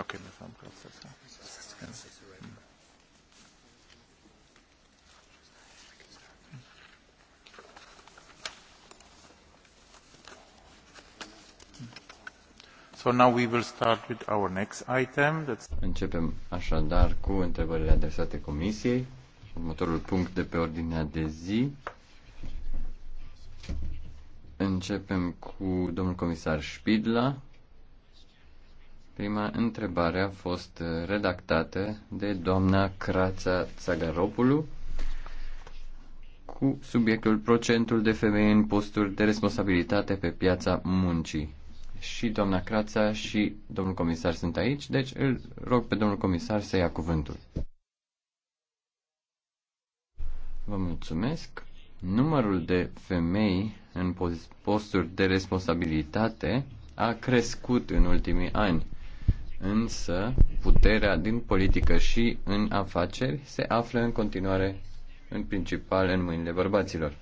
Okay, wir haben gerade das. So now we will start with our next item. That's... Începem așadar cu întrebările adresate Comisiei. Următorul punct de pe ordinea de zi. Începem cu domnul comisar Spidla, Prima întrebare a fost redactată de doamna Crața Țagaropulu cu subiectul procentul de femei în posturi de responsabilitate pe piața muncii. Și doamna Crața și domnul comisar sunt aici, deci îl rog pe domnul comisar să ia cuvântul. Vă mulțumesc. Numărul de femei în posturi de responsabilitate a crescut în ultimii ani însă puterea din politică și în afaceri se află în continuare în principal în mâinile bărbaților.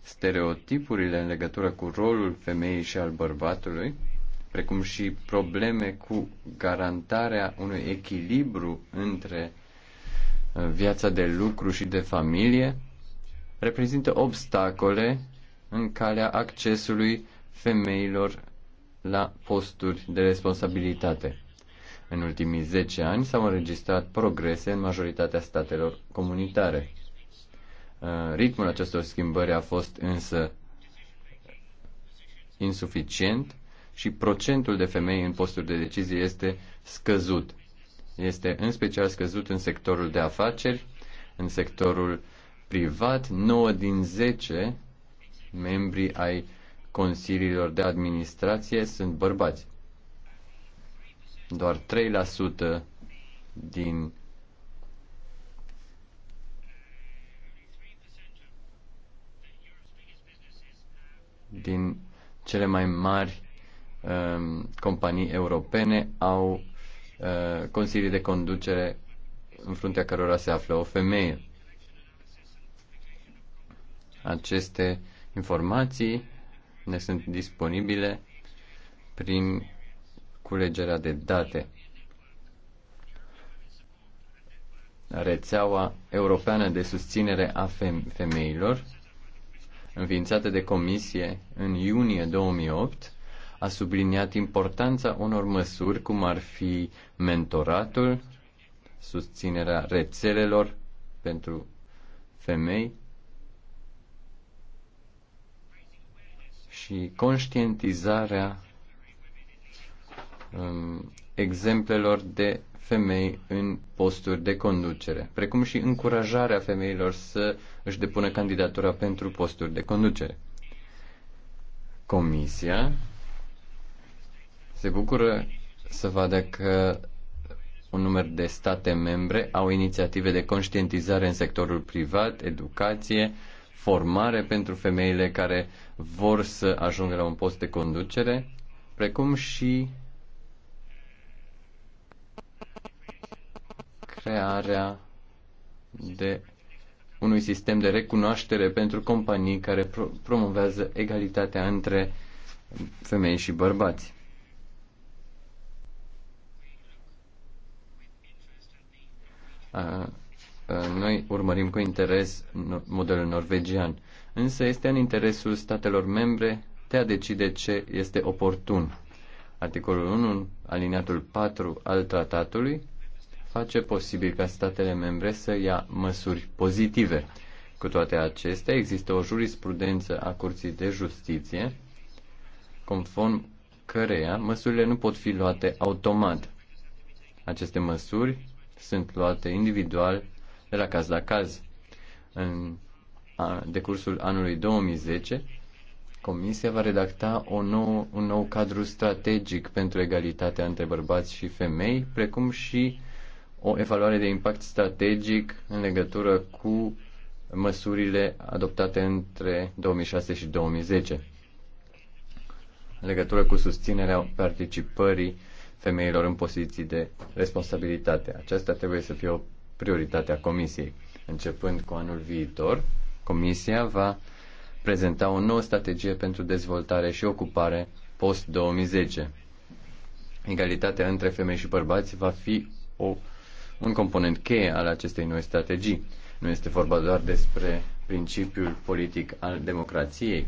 Stereotipurile în legătură cu rolul femeii și al bărbatului, precum și probleme cu garantarea unui echilibru între uh, viața de lucru și de familie, reprezintă obstacole în calea accesului femeilor la posturi de responsabilitate. În ultimii 10 ani s-au înregistrat progrese în majoritatea statelor comunitare. Uh, ritmul acestor schimbări a fost însă insuficient și procentul de femei în posturi de decizie este scăzut. Este în special scăzut în sectorul de afaceri, în sectorul privat, 9 din 10 membri ai consiliilor de administrație sunt bărbați doar 3% din din cele mai mari um, companii europene au uh, consilii de conducere în fruntea cărora se află o femeie. Aceste informații ne sunt disponibile prin culegerea de date. Rețeaua Europeană de Susținere a Femeilor, înființată de comisie în iunie 2008, a subliniat importanța unor măsuri cum ar fi mentoratul, susținerea rețelelor pentru femei și conștientizarea um, exemplelor de femei în posturi de conducere, precum și încurajarea femeilor să își depună candidatura pentru posturi de conducere. Comisia se bucură să vadă că un număr de state membre au inițiative de conștientizare în sectorul privat, educație, formare pentru femeile care vor să ajungă la un post de conducere, precum și crearea de unui sistem de recunoaștere pentru companii care pro- promovează egalitatea între femei și bărbați. A, noi urmărim cu interes modelul norvegian, însă este în interesul statelor membre de a decide ce este oportun. Articolul 1, aliniatul 4 al tratatului, face posibil ca statele membre să ia măsuri pozitive. Cu toate acestea, există o jurisprudență a Curții de Justiție, conform căreia măsurile nu pot fi luate automat. Aceste măsuri sunt luate individual de la caz la caz. În decursul anului 2010, Comisia va redacta o nou, un nou cadru strategic pentru egalitatea între bărbați și femei, precum și o evaluare de impact strategic în legătură cu măsurile adoptate între 2006 și 2010 în legătură cu susținerea participării femeilor în poziții de responsabilitate. Aceasta trebuie să fie o prioritate a Comisiei. Începând cu anul viitor, Comisia va prezenta o nouă strategie pentru dezvoltare și ocupare post-2010. Egalitatea între femei și bărbați va fi o un component cheie al acestei noi strategii. Nu este vorba doar despre principiul politic al democrației.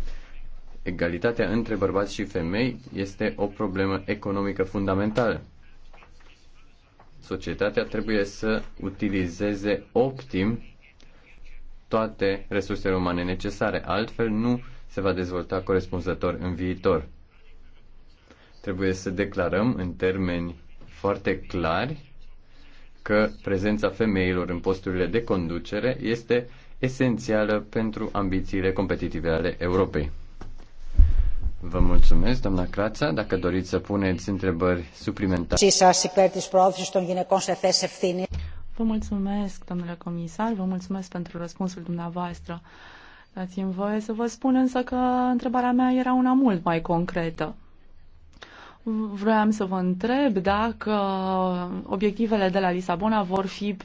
Egalitatea între bărbați și femei este o problemă economică fundamentală. Societatea trebuie să utilizeze optim toate resursele umane necesare, altfel nu se va dezvolta corespunzător în viitor. Trebuie să declarăm în termeni foarte clari că prezența femeilor în posturile de conducere este esențială pentru ambițiile competitive ale Europei. Vă mulțumesc, doamna Crața. Dacă doriți să puneți întrebări suplimentare. Vă mulțumesc, domnule comisar, vă mulțumesc pentru răspunsul dumneavoastră. Dați-mi voie să vă spun însă că întrebarea mea era una mult mai concretă. Vreau să vă întreb dacă obiectivele de la Lisabona vor fi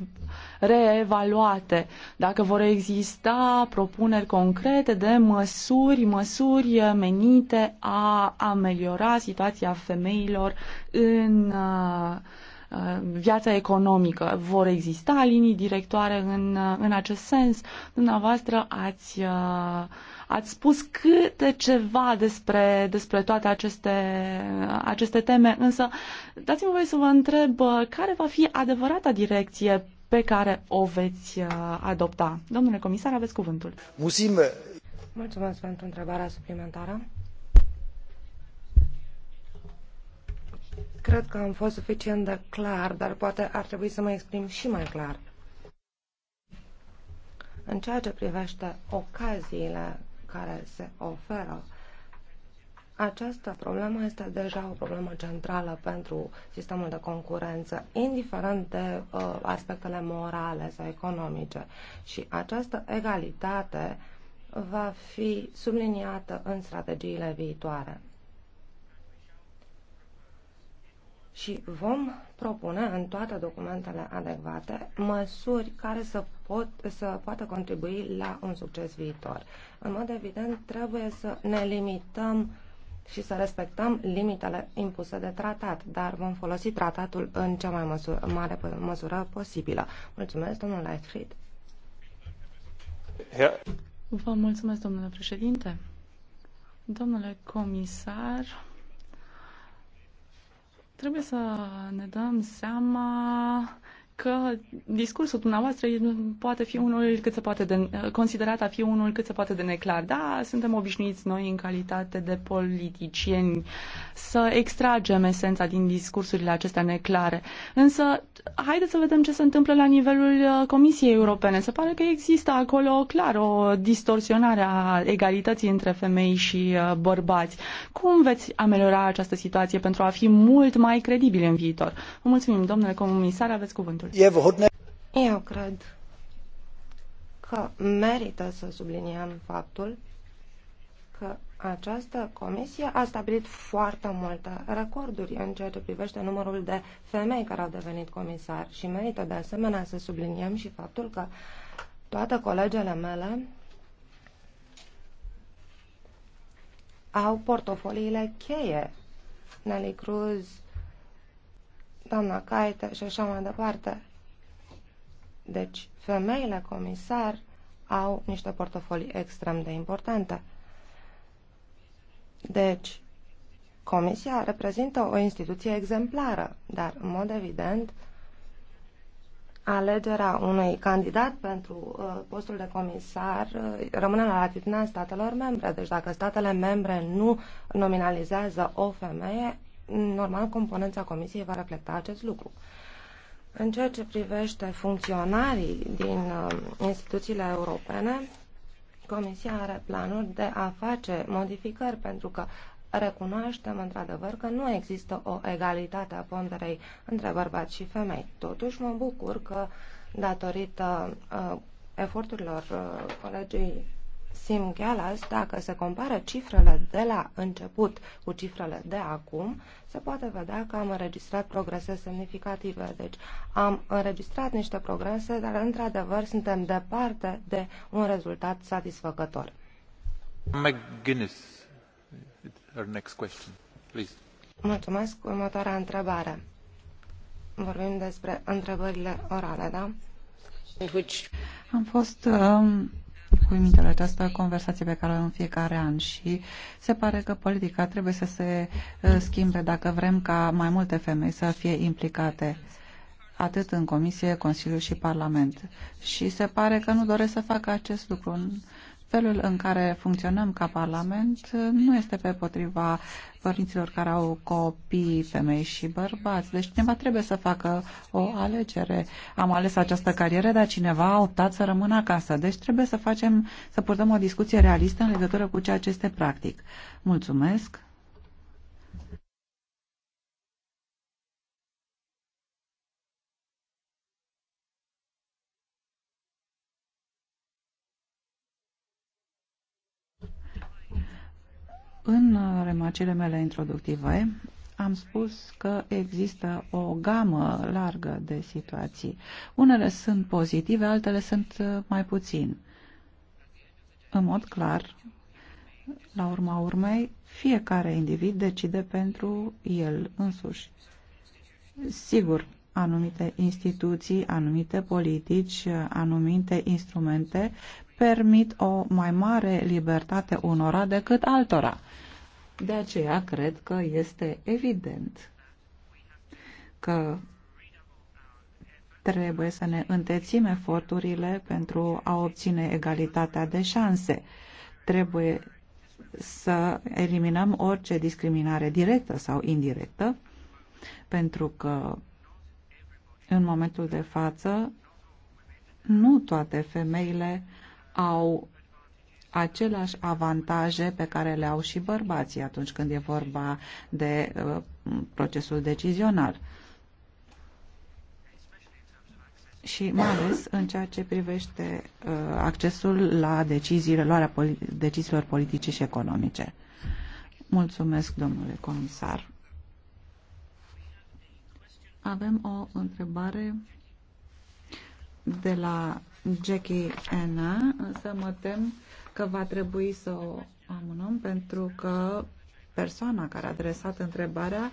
reevaluate, dacă vor exista propuneri concrete de măsuri, măsuri menite a ameliora situația femeilor în uh, viața economică. Vor exista linii directoare în, în acest sens? Dumneavoastră ați, uh, Ați spus câte ceva despre, despre toate aceste, aceste teme, însă dați-mi voie să vă întreb uh, care va fi adevărata direcție pe care o veți uh, adopta. Domnule comisar, aveți cuvântul. Musim. Mulțumesc pentru întrebarea suplimentară. Cred că am fost suficient de clar, dar poate ar trebui să mă exprim și mai clar. În ceea ce privește ocaziile care se oferă. Această problemă este deja o problemă centrală pentru sistemul de concurență, indiferent de uh, aspectele morale sau economice. Și această egalitate va fi subliniată în strategiile viitoare. și vom propune în toate documentele adecvate măsuri care să, pot, să poată contribui la un succes viitor. În mod evident, trebuie să ne limităm și să respectăm limitele impuse de tratat, dar vom folosi tratatul în cea mai măsură, mare măsură posibilă. Mulțumesc, domnul Leifried. Vă mulțumesc, domnule președinte. Domnule comisar, Trebuie să ne dăm seama că discursul dumneavoastră poate fi unul cât se poate de, considerat a fi unul cât se poate de neclar. Da, suntem obișnuiți noi în calitate de politicieni să extragem esența din discursurile acestea neclare. Însă, haideți să vedem ce se întâmplă la nivelul uh, Comisiei Europene. Se pare că există acolo, clar, o distorsionare a egalității între femei și uh, bărbați. Cum veți ameliora această situație pentru a fi mult mai credibil în viitor? Vă mulțumim, domnule comisar, aveți cuvântul. Eu cred că merită să subliniem faptul că această comisie a stabilit foarte multe recorduri în ceea ce privește numărul de femei care au devenit comisar și merită de asemenea să subliniem și faptul că toate colegele mele au portofoliile cheie. Nelly Cruz, doamna Caită și așa mai departe. Deci, femeile comisar au niște portofolii extrem de importante. Deci, Comisia reprezintă o instituție exemplară, dar, în mod evident, alegerea unui candidat pentru uh, postul de comisar uh, rămâne la latitudinea statelor membre. Deci dacă statele membre nu nominalizează o femeie, normal, componența comisiei va reflecta acest lucru. În ceea ce privește funcționarii din uh, instituțiile europene, Comisia are planuri de a face modificări pentru că recunoaștem într-adevăr că nu există o egalitate a ponderei între bărbați și femei. Totuși mă bucur că datorită uh, eforturilor uh, colegii Sim Gallas, dacă se compară cifrele de la început cu cifrele de acum, se poate vedea că am înregistrat progrese semnificative. Deci am înregistrat niște progrese, dar într-adevăr suntem departe de un rezultat satisfăcător. McGuinness, her next question, please. Mulțumesc. Următoarea întrebare. Vorbim despre întrebările orale, da? Am um, fost cu mintele această conversație pe care o avem fiecare an și se pare că politica trebuie să se uh, schimbe dacă vrem ca mai multe femei să fie implicate atât în Comisie, Consiliu și Parlament. Și se pare că nu doresc să facă acest lucru felul în care funcționăm ca Parlament nu este pe potriva părinților care au copii, femei și bărbați. Deci cineva trebuie să facă o alegere. Am ales această carieră, dar cineva a optat să rămână acasă. Deci trebuie să facem, să purtăm o discuție realistă în legătură cu ceea ce este practic. Mulțumesc! În remarcile mele introductive am spus că există o gamă largă de situații. Unele sunt pozitive, altele sunt mai puțin. În mod clar, la urma urmei, fiecare individ decide pentru el însuși. Sigur, anumite instituții, anumite politici, anumite instrumente permit o mai mare libertate unora decât altora. De aceea cred că este evident că trebuie să ne întețim eforturile pentru a obține egalitatea de șanse. Trebuie să eliminăm orice discriminare directă sau indirectă, pentru că în momentul de față nu toate femeile au aceleași avantaje pe care le au și bărbații atunci când e vorba de uh, procesul decizional. Și mai ales în ceea ce privește uh, accesul la deciziile, luarea poli deciziilor politice și economice. Mulțumesc, domnule comisar. Avem o întrebare de la Jackie Anna, însă mă tem că va trebui să o amânăm pentru că persoana care a adresat întrebarea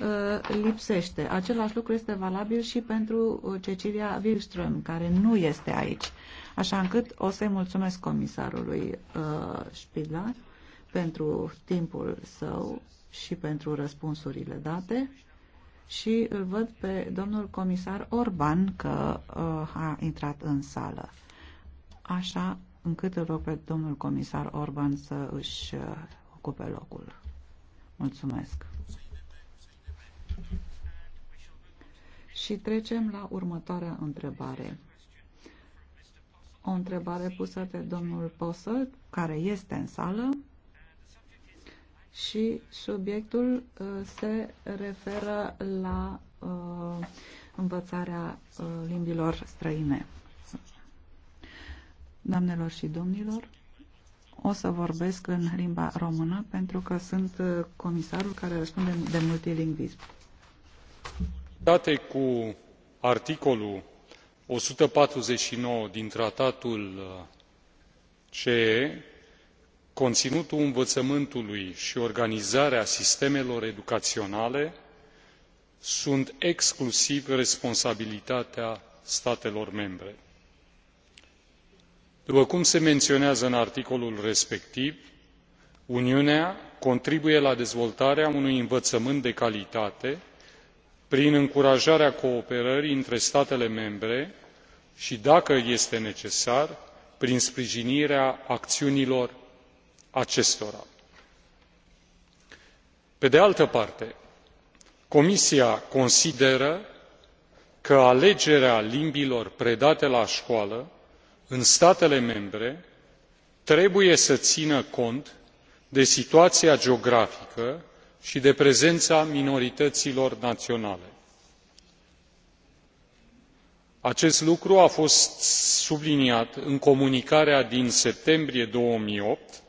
uh, lipsește. Același lucru este valabil și pentru uh, Cecilia Wilström, care nu este aici. Așa încât o să-i mulțumesc comisarului uh, Spidla pentru timpul său și pentru răspunsurile date și îl văd pe domnul comisar Orban că uh, a intrat în sală. Așa încât îl rog pe domnul comisar Orban să își uh, ocupe locul. Mulțumesc. Și trecem la următoarea întrebare. O întrebare pusă de domnul Posăl, care este în sală și subiectul uh, se referă la uh, învățarea uh, limbilor străine. Doamnelor și domnilor, o să vorbesc în limba română pentru că sunt comisarul care răspunde de multilingvism. Date cu articolul 149 din tratatul CE coninutul învăământului i organizarea sistemelor educaionale sunt exclusiv responsabilitatea statelor membre. după cum se menionează în articolul respectiv uniunea contribuie la dezvoltarea unui învăământ de calitate prin încurajarea cooperării între statele membre i dacă este necesar prin sprijinirea aciunilor acestora. pe de altă parte comisia consideră că alegerea limbilor predate la coală în statele membre trebuie să ină cont de situaia geografică i de prezena minorităilor naionale. acest lucru a fost subliniat în comunicarea din septembrie două mii opt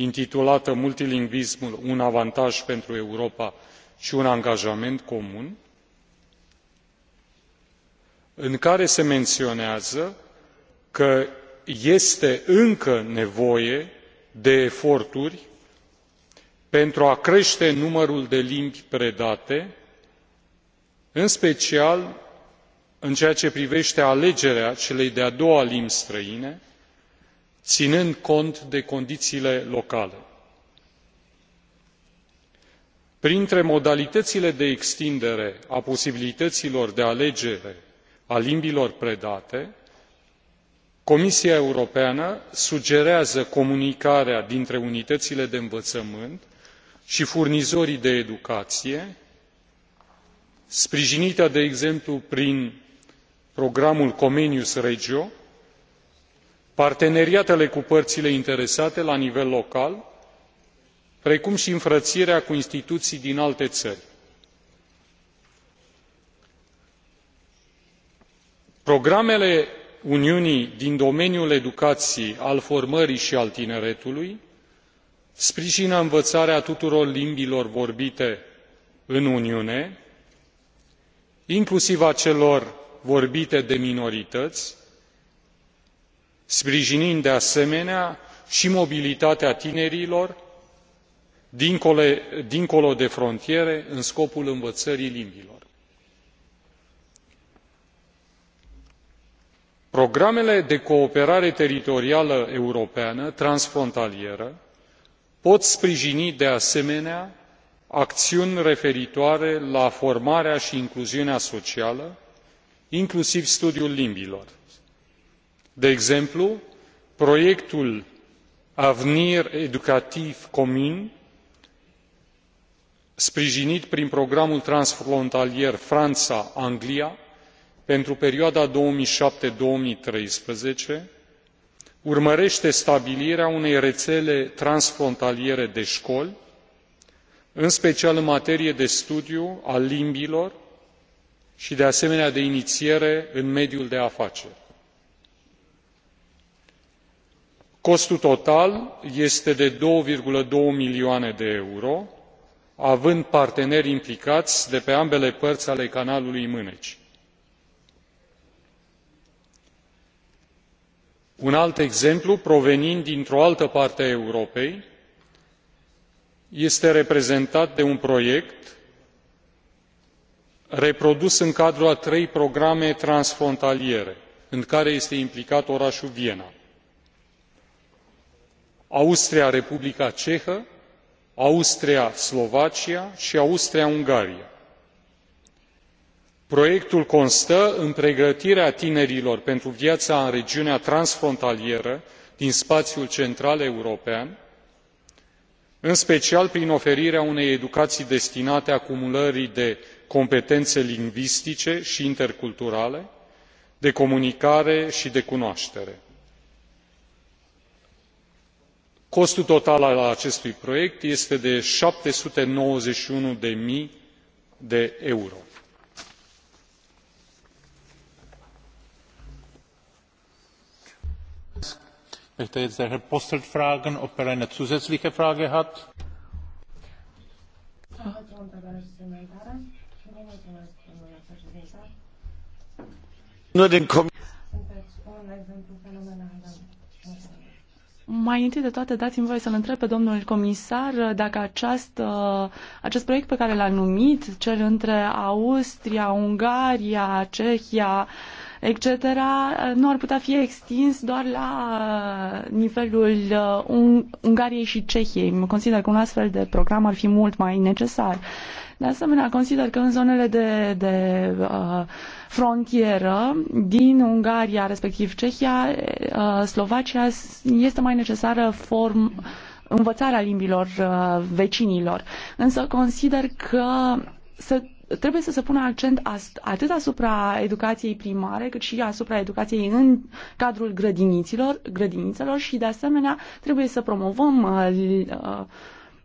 intitulată multilingvismul un avantaj pentru europa i un angajament comun în care se menionează că este încă nevoie de eforturi pentru a crete numărul de limbi predate în special în ceea ce privete alegerea celei de a doua limbi străine inând cont de condiiile locale. printre modalităile de extindere a posibilităilor de alegere a limbilor predate comisia europeană sugerează comunicarea dintre unităile de învăământ i furnizorii de educaie sprijinită de exemplu prin programul comenius regio parteneriatele cu pările interesate la nivel local precum i înfrăirea cu instituii din alte ări programele uniunii din domeniul educaiei al formării i al tineretului sprijină învăarea tuturor limbilor vorbite în uniune inclusiv a celor vorbite de minorităi sprijinind de asemenea i mobilitatea tinerilor dincolo de frontiere în scopul învăării limbilor. programele de cooperare teritorială europeană transfrontalieră pot sprijini de asemenea aciuni referitoare la formarea i incluziunea socială inclusiv studiul limbilor de exemplu proiectul avenir educativ comun sprijinit prin programul transfrontalier frana anglia pentru perioada două mii șapte două mii treisprezece urmărete stabilirea unei reele transfrontaliere de coli în special în materie de studiu al limbilor i de asemenea de iniiere în mediul de afaceri. costul total este de doi doi milioane de euro având parteneri implicai de pe ambele pări ale canalului mâneci. un alt exemplu provenind dintr o altă parte a europei este reprezentat de un proiect reprodus în cadrul a trei programe transfrontaliere în care este implicat oraul viena austria republica cehă austria slovacia i austria ungaria. proiectul constă în pregătirea tinerilor pentru viaa în regiunea transfrontalieră din spaiul central european în special prin oferirea unei educaii destinate acumulării de competene lingvistice i interculturale de comunicare i de cunoatere costul total al acestui proiect este de șapte sute nouăzeci și unu de mii de euro. Er nur den Mai întâi de toate, dați-mi voie să-l întreb pe domnul comisar dacă acest acest proiect pe care l-a numit, cel între Austria, Ungaria, Cehia, etc., nu ar putea fi extins doar la uh, nivelul uh, Ungariei și Cehiei. Mă consider că un astfel de program ar fi mult mai necesar. De asemenea, consider că în zonele de, de uh, frontieră din Ungaria, respectiv Cehia, uh, Slovacia, este mai necesară form, învățarea limbilor uh, vecinilor. Însă consider că se trebuie să se pună accent atât asupra educației primare, cât și asupra educației în cadrul grădiniților, grădinițelor și, de asemenea, trebuie să promovăm uh, uh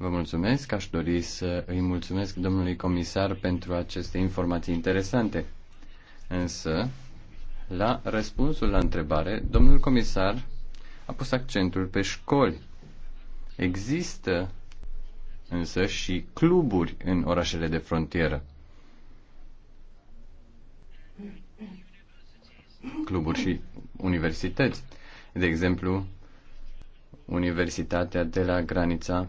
Vă mulțumesc. Aș dori să îi mulțumesc domnului comisar pentru aceste informații interesante. Însă, la răspunsul la întrebare, domnul comisar a pus accentul pe școli. Există însă și cluburi în orașele de frontieră. Cluburi și universități. De exemplu, Universitatea de la granița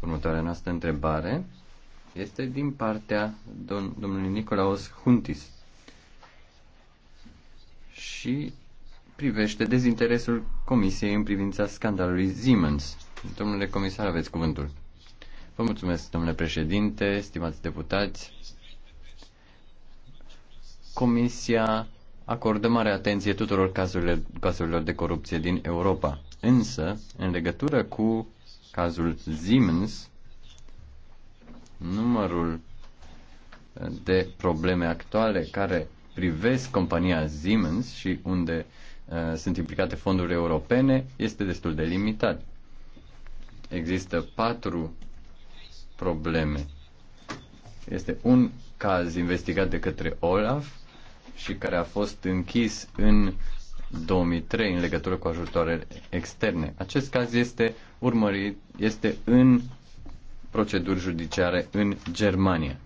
Următoarea noastră întrebare este din partea dom- domnului Nicolaos Huntis și privește dezinteresul Comisiei în privința scandalului Siemens. Domnule comisar, aveți cuvântul. Vă mulțumesc, domnule președinte, stimați deputați. Comisia acordă mare atenție tuturor cazurilor de corupție din Europa. Însă, în legătură cu cazul Siemens, numărul eh, de probleme actuale care privesc compania Siemens și unde uh, sunt implicate fonduri europene este destul de limitat. Există patru probleme. Este un caz investigat de către Olaf și care a fost închis în 2003 în legătură cu ajutoare externe. Acest caz este urmărit, este în proceduri judiciare în Germania.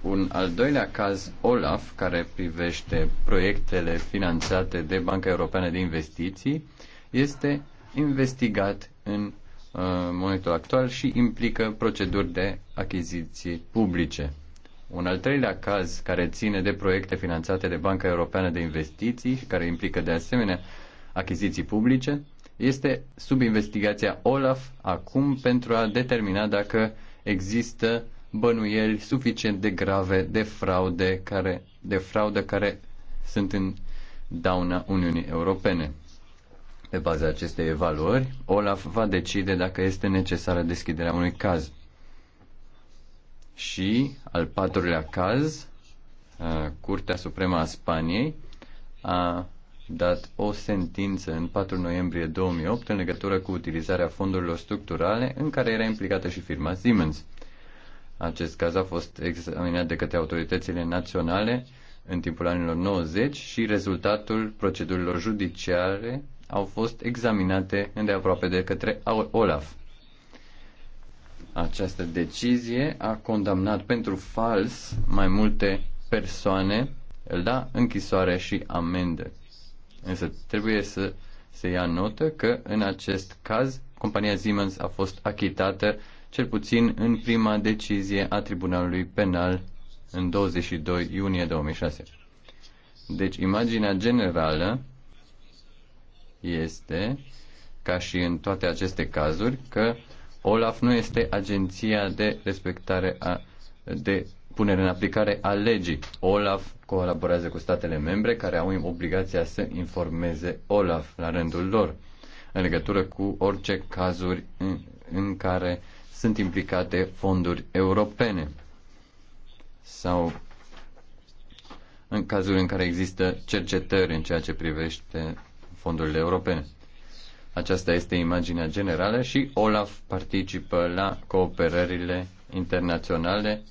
Un al doilea caz, OLAF, care privește proiectele finanțate de Banca Europeană de Investiții, este investigat în uh, momentul actual și implică proceduri de achiziții publice. Un al treilea caz care ține de proiecte finanțate de Banca Europeană de Investiții, care implică de asemenea achiziții publice, este sub investigația OLAF acum pentru a determina dacă există bănuieli suficient de grave de fraude care, de fraudă care sunt în dauna Uniunii Europene. Pe baza acestei evaluări, OLAF va decide dacă este necesară deschiderea unui caz și al patrulea caz, uh, Curtea Supremă a Spaniei a dat o sentință în 4 noiembrie 2008 în legătură cu utilizarea fondurilor structurale în care era implicată și firma Siemens. Acest caz a fost examinat de către autoritățile naționale în timpul anilor 90 și rezultatul procedurilor judiciare au fost examinate îndeaproape de către Olaf. Această decizie a condamnat pentru fals mai multe persoane la da închisoare și amendă. Însă trebuie să se ia notă că în acest caz compania Siemens a fost achitată cel puțin în prima decizie a Tribunalului Penal în 22 iunie 2006. Deci imaginea generală este, ca și în toate aceste cazuri, că Olaf nu este agenția de respectare a, de punere în aplicare a legii. Olaf colaborează cu statele membre care au obligația să informeze Olaf la rândul lor în legătură cu orice cazuri în, în care sunt implicate fonduri europene sau în cazul în care există cercetări în ceea ce privește fondurile europene. Aceasta este imaginea generală și Olaf participă la cooperările internaționale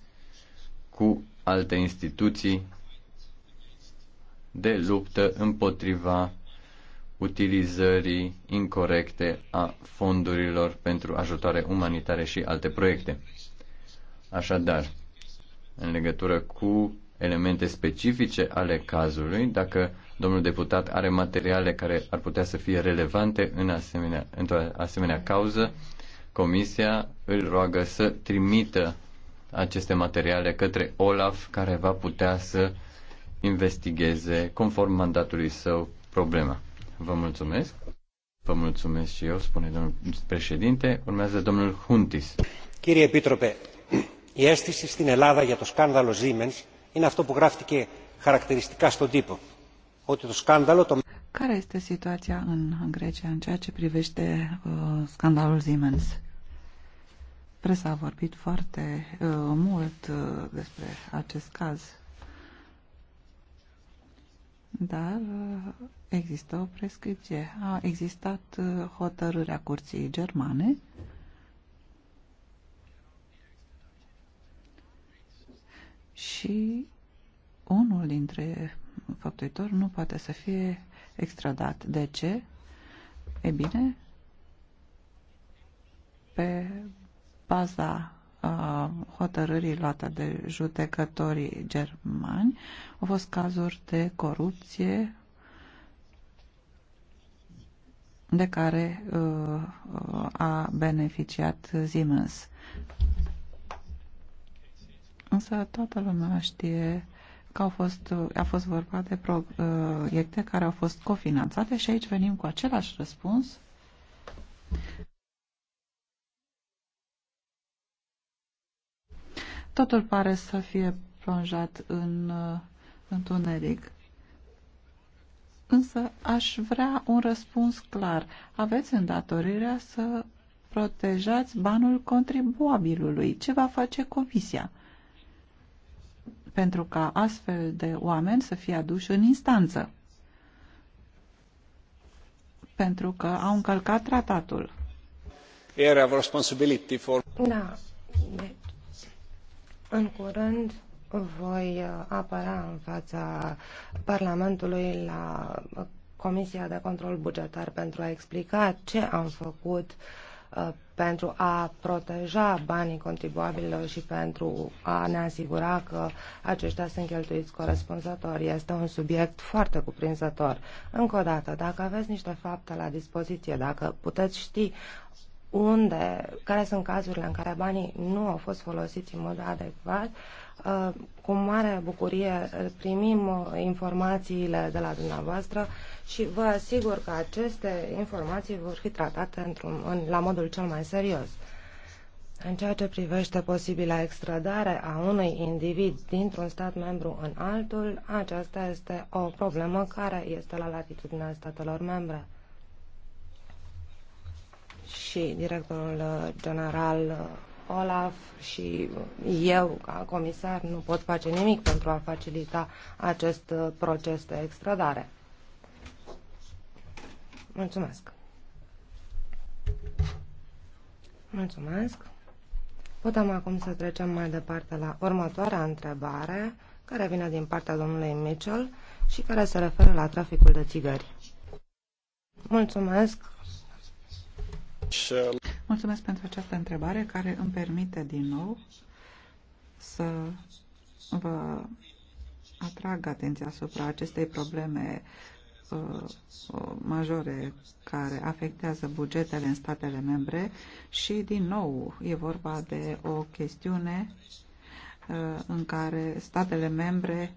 cu alte instituții de luptă împotriva utilizării incorrecte a fondurilor pentru ajutoare umanitare și alte proiecte. Așadar, în legătură cu elemente specifice ale cazului, dacă Domnul deputat are materiale care ar putea să fie relevante în asemenea, într-o asemenea cauză. Comisia îl roagă să trimită aceste materiale către Olaf, care va putea să investigheze conform mandatului său problema. Vă mulțumesc. Vă mulțumesc și eu, spune domnul președinte. Urmează domnul Huntis. Κύριε Επίτροπε, η αίσθηση στην Ελλάδα για το σκάνδαλο Siemens είναι αυτό που γράφτηκε χαρακτηριστικά στον τύπο care este situația în, Grecia în ceea ce privește uh, scandalul Siemens? Presa a vorbit foarte uh, mult uh, despre acest caz, dar uh, există o prescripție. A existat uh, hotărârea curții germane și unul dintre făptuitor nu poate să fie extradat. De ce? E bine, pe baza uh, hotărârii luată de judecătorii germani au fost cazuri de corupție de care uh, a beneficiat Siemens. Însă toată lumea știe că au fost, a fost vorba de proiecte uh, care au fost cofinanțate și aici venim cu același răspuns. Totul pare să fie plonjat în uh, întuneric. Însă aș vrea un răspuns clar. Aveți îndatorirea să protejați banul contribuabilului. Ce va face comisia? pentru ca astfel de oameni să fie aduși în instanță pentru că au încălcat tratatul. Era responsibility for... Da. Deci, în curând voi uh, apăra în fața Parlamentului la Comisia de Control Bugetar pentru a explica ce am făcut uh, pentru a proteja banii contribuabililor și pentru a ne asigura că aceștia sunt cheltuiți corespunzător. Este un subiect foarte cuprinzător. Încă o dată, dacă aveți niște fapte la dispoziție, dacă puteți ști unde, care sunt cazurile în care banii nu au fost folosiți în mod adecvat, uh, cu mare bucurie primim uh, informațiile de la dumneavoastră și vă asigur că aceste informații vor fi tratate într-un, în, la modul cel mai serios. În ceea ce privește posibila extradare a unui individ dintr-un stat membru în altul, aceasta este o problemă care este la latitudinea statelor membre. Și directorul uh, general uh, Olaf și eu, ca comisar, nu pot face nimic pentru a facilita acest uh, proces de extradare. Mulțumesc. Mulțumesc. Putem acum să trecem mai departe la următoarea întrebare, care vine din partea domnului Mitchell și care se referă la traficul de țigări. Mulțumesc. Mulțumesc pentru această întrebare care îmi permite din nou să vă atrag atenția asupra acestei probleme uh, uh, majore care afectează bugetele în statele membre și din nou e vorba de o chestiune uh, în care statele membre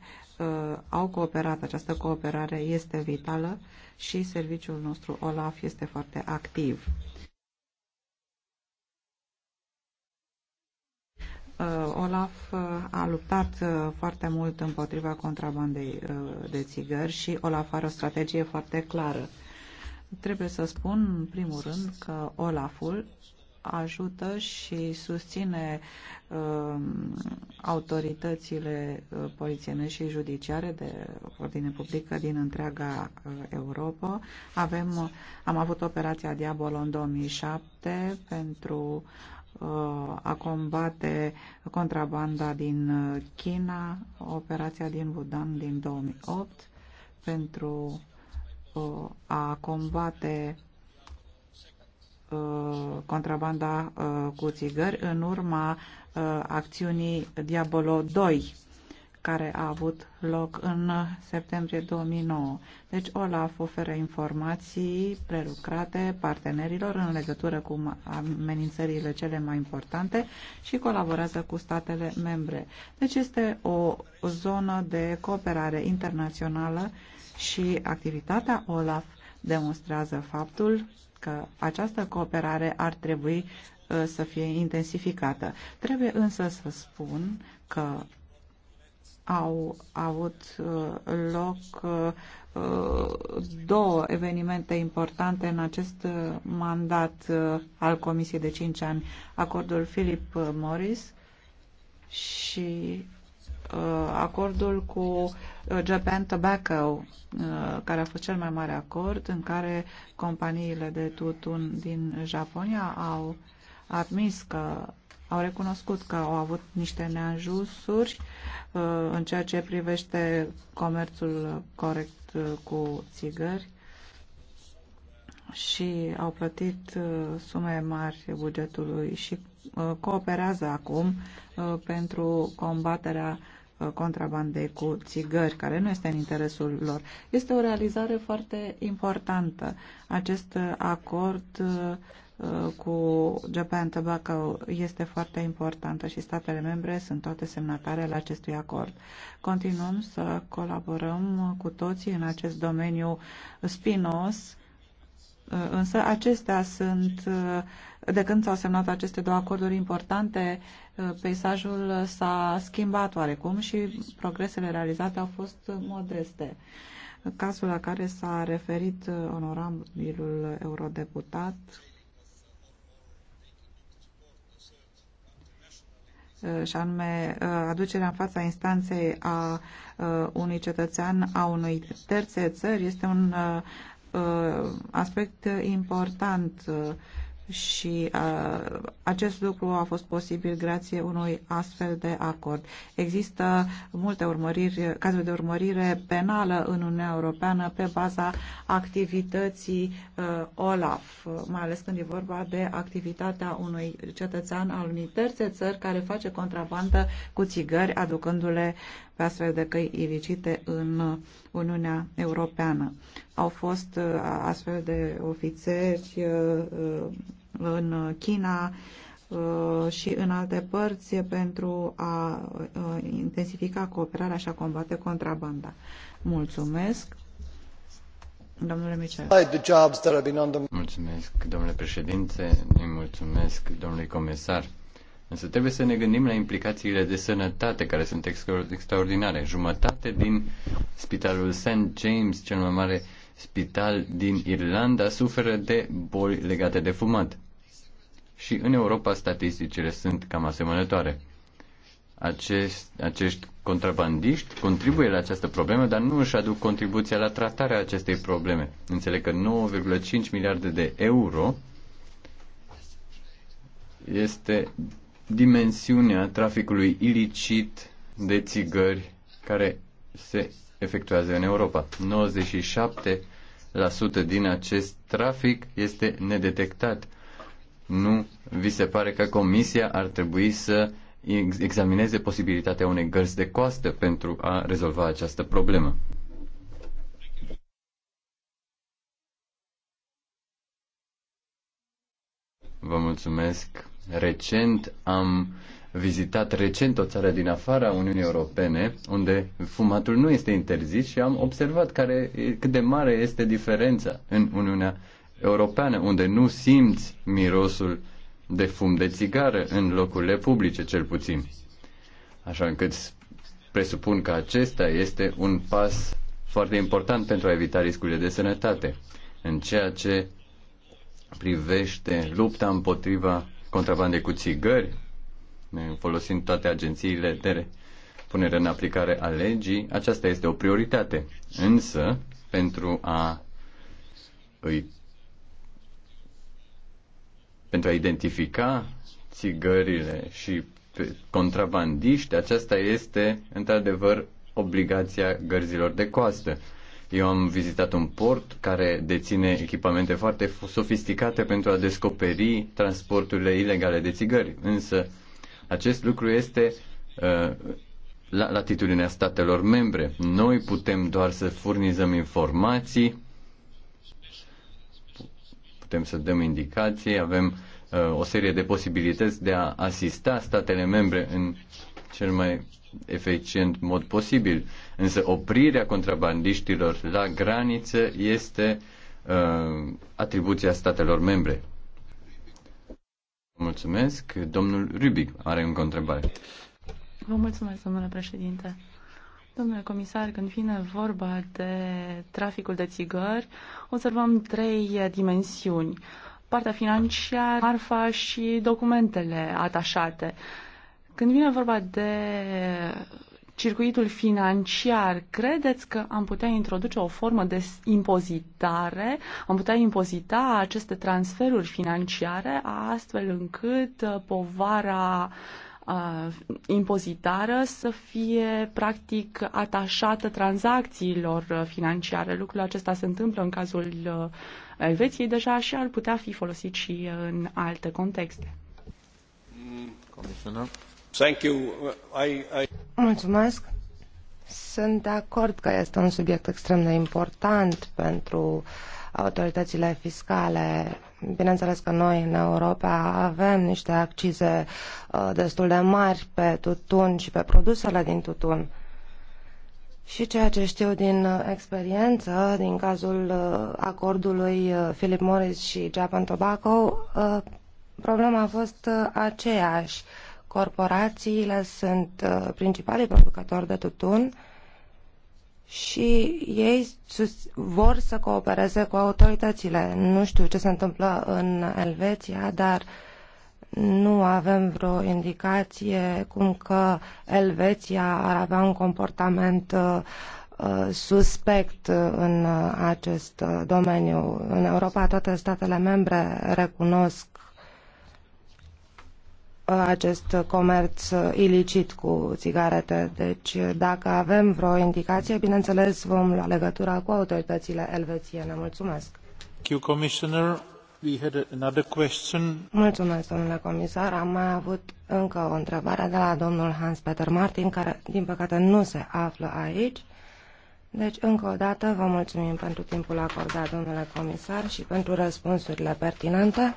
au cooperat, această cooperare este vitală și serviciul nostru OLAF este foarte activ. Uh, Olaf uh, a luptat uh, foarte mult împotriva contrabandei de țigări și Olaf are o strategie foarte clară. Trebuie să spun, în primul rând, că Olaful ajută și susține uh, autoritățile polițiene și judiciare de ordine publică din întreaga uh, Europa. Avem, am avut operația Diabolo în 2007 pentru a combate contrabanda din uh, China, operația din Budan din 2008, pentru uh, a combate uh, contrabanda cu țigări în urma acțiunii Diabolo 2 care a avut loc în septembrie 2009. Deci OLAF oferă informații prelucrate partenerilor în legătură cu amenințările cele mai importante și colaborează cu statele membre. Deci este o zonă de cooperare internațională și activitatea OLAF demonstrează faptul că această cooperare ar trebui uh, să fie intensificată. Trebuie însă să spun că au avut uh, loc uh, două evenimente importante în acest uh, mandat al Comisiei de 5 ani, acordul Philip Morris și acordul cu Japan Tobacco, care a fost cel mai mare acord în care companiile de tutun din Japonia au admis că au recunoscut că au avut niște neajunsuri uh, în ceea ce privește comerțul corect uh, cu țigări și au plătit uh, sume mari bugetului și cooperează acum pentru combaterea contrabandei cu țigări, care nu este în interesul lor. Este o realizare foarte importantă. Acest acord Uh, cu Japan Tobacco este foarte importantă și statele membre sunt toate semnatare la acestui acord. Continuăm să colaborăm cu toții în acest domeniu spinos, uh, însă acestea sunt, uh, de când s-au semnat aceste două acorduri importante, peisajul s-a schimbat oarecum și progresele realizate au fost modeste cazul la care s-a referit onorabilul eurodeputat și anume uh, aducerea în fața instanței a uh, unui cetățean a unui terțe țări este un uh, aspect important și uh, acest lucru a fost posibil grație unui astfel de acord. Există multe urmăriri, cazuri de urmărire penală în Uniunea Europeană pe baza activității uh, OLAF, mai ales când e vorba de activitatea unui cetățean al unei terțe țări care face contrabandă cu țigări, aducându-le pe astfel de căi ilicite în Uniunea Europeană. Au fost uh, astfel de ofițeri uh, uh, în China și în alte părți pentru a intensifica cooperarea și a combate contrabanda. Mulțumesc! Domnule Mulțumesc, domnule președinte, îi mulțumesc, domnule comisar. Însă trebuie să ne gândim la implicațiile de sănătate care sunt extraordinare. Jumătate din spitalul St. James, cel mai mare spital din Irlanda suferă de boli legate de fumat. Și în Europa statisticile sunt cam asemănătoare. Acest, acești contrabandiști contribuie la această problemă, dar nu își aduc contribuția la tratarea acestei probleme. Înțeleg că 9,5 miliarde de euro este dimensiunea traficului ilicit de țigări care se efectuează în Europa. 97% din acest trafic este nedetectat. Nu vi se pare că Comisia ar trebui să examineze posibilitatea unei gărzi de coastă pentru a rezolva această problemă? Vă mulțumesc. Recent am vizitat recent o țară din afara Uniunii Europene, unde fumatul nu este interzis și am observat care, cât de mare este diferența în Uniunea Europeană, unde nu simți mirosul de fum de țigară în locurile publice, cel puțin. Așa încât presupun că acesta este un pas foarte important pentru a evita riscurile de sănătate. În ceea ce privește lupta împotriva contrabandei cu țigări, folosind toate agențiile de punere în aplicare a legii, aceasta este o prioritate. Însă, pentru a îi pentru a identifica țigările și contrabandiști, aceasta este într-adevăr obligația gărzilor de coastă. Eu am vizitat un port care deține echipamente foarte sofisticate pentru a descoperi transporturile ilegale de țigări, însă acest lucru este uh, la latitudinea statelor membre. Noi putem doar să furnizăm informații, putem să dăm indicații, avem uh, o serie de posibilități de a asista statele membre în cel mai eficient mod posibil. Însă oprirea contrabandiștilor la graniță este uh, atribuția statelor membre. Mulțumesc. Domnul Rubic are încă o întrebare. Vă mulțumesc, domnule președinte. Domnule comisar, când vine vorba de traficul de țigări, observăm trei dimensiuni. Partea financiară, marfa și documentele atașate. Când vine vorba de circuitul financiar, credeți că am putea introduce o formă de impozitare, am putea impozita aceste transferuri financiare astfel încât uh, povara uh, impozitară să fie practic atașată tranzacțiilor uh, financiare. Lucrul acesta se întâmplă în cazul Elveției deja și ar putea fi folosit și în alte contexte. Comisionar. Mulțumesc. Sunt de acord că este un subiect extrem de important pentru autoritățile fiscale. Bineînțeles că noi în Europa avem niște accize uh, destul de mari pe tutun și pe produsele din tutun. Și ceea ce știu din uh, experiență, din cazul uh, acordului Philip Morris și Japan Tobacco, problema a fost aceeași Corporațiile sunt uh, principalii producători de tutun și ei vor să coopereze cu autoritățile. Nu știu ce se întâmplă în Elveția, dar nu avem vreo indicație cum că Elveția ar avea un comportament uh, uh suspect în acest uh, domeniu. În Europa toate statele membre recunosc acest comerț ilicit cu țigarete. Deci, dacă avem vreo indicație, bineînțeles, vom lua legătura cu autoritățile elvețiene. Mulțumesc. Mulțumesc, domnule comisar. Am mai avut încă o întrebare de la domnul Hans-Peter Martin, care, din păcate, nu se află aici. Deci, încă o dată, vă mulțumim pentru timpul acordat, domnule comisar, și pentru răspunsurile pertinente.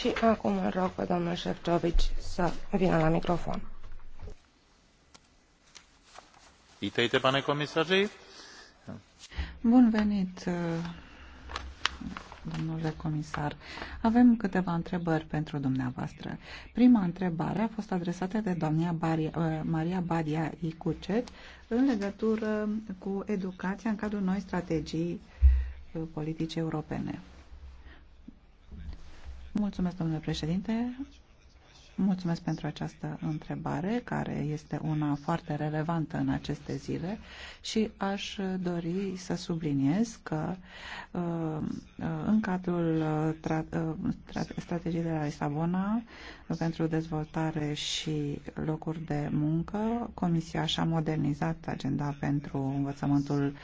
Și acum îl rog pe domnul Șefcovici să vină la microfon. Vítejte, pane komisaři. Bun venit, domnule comisar. Avem câteva întrebări pentru dumneavoastră. Prima întrebare a fost adresată de doamna eh, Maria Badia Icucet în legătură cu educația în cadrul noi strategii eh, politice europene. Mulțumesc, domnule președinte. Mulțumesc pentru această întrebare, care este una foarte relevantă în aceste zile și aș dori să subliniez că uh, uh, în cadrul uh, strategiei de la Lisabona pentru dezvoltare și locuri de muncă, Comisia și-a modernizat agenda pentru învățământul